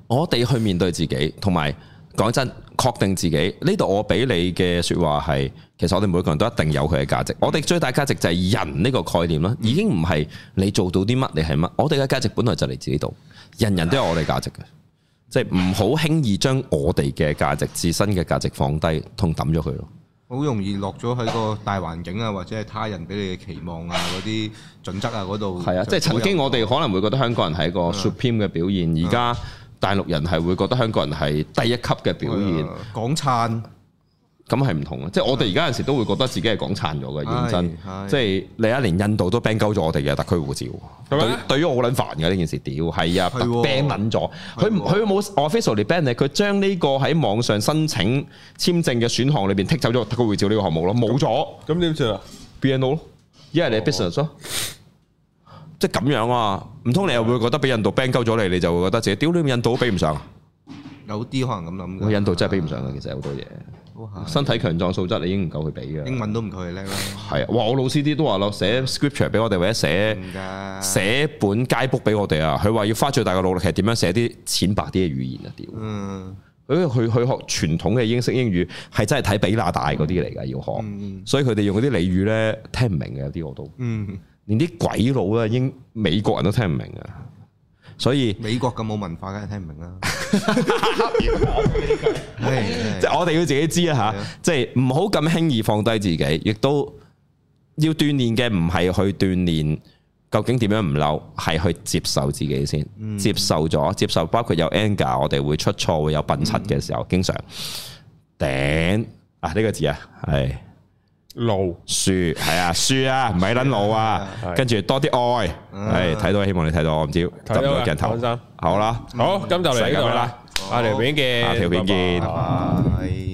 我哋去面對自己，同埋講真，確定自己呢度我俾你嘅說話係，其實我哋每個人都一定有佢嘅價值。我哋最大價值就係人呢個概念啦，已經唔係你做到啲乜，你係乜。我哋嘅價值本來就嚟自己度，人人都有我哋價值嘅，即係唔好輕易將我哋嘅價值、自身嘅價值放低同抌咗佢咯。好容易落咗去個大環境啊，或者係他人畀你嘅期望啊，嗰啲準則啊，嗰度係啊，即係曾經我哋可能會覺得香港人係一個 supreme 嘅表現，而家、啊、大陸人係會覺得香港人係低一級嘅表現。啊、港燦。咁係唔同啊！即係我哋而家有陣時都會覺得自己係講殘咗嘅，認真。哎、即係你一連印度都 ban 鳩咗我哋嘅特區護照，係咪嗎對於我好撚煩嘅呢件事，屌係啊，ban 敏咗。佢佢冇 officially ban 你，佢將呢個喺網上申請簽證嘅選項裏邊剔走咗特區護照呢個項目咯，冇咗。咁點算啊？B N O，因係你 business 咯、嗯，即係咁樣啊？唔通你又會覺得俾印度 ban 鳩咗你？你就會覺得自己屌你印度都比唔上？有啲可能咁諗。印 度真係比唔上嘅，其實好多嘢。身體強壯素質你已經唔夠佢俾噶，英文都唔夠佢叻啦。係哇、啊，我老師啲都話咯，寫 scripture 俾我哋或者寫寫行本街 book 俾我哋啊。佢話要花最大嘅努力，係點樣寫啲淺白啲嘅語言啊？點？嗯，佢佢佢學傳統嘅英式英語係真係睇比大那大嗰啲嚟噶要學，嗯、所以佢哋用嗰啲俚語咧聽唔明嘅有啲我都，嗯，連啲鬼佬啊英美國人都聽唔明啊。所以美國咁冇文化，梗係聽唔明啦。 哈哈 即係我哋要自己知啦吓，哈哈即係唔好咁輕易放低自己，亦都要鍛鍊嘅唔係去鍛鍊究竟點樣唔嬲，係去接受自己先。接受咗，接受包括有 anger，我哋會出錯，會有笨柒嘅時候，經常頂啊呢、呢個字啊，係。路樹係啊樹啊，唔係捻路啊，是跟住多啲愛，係睇、啊哎、到希望你睇到，我唔知執唔到鏡頭。心好啦，嗯、好，今就嚟到啦，下條好片見，下條好片見。拜拜拜拜。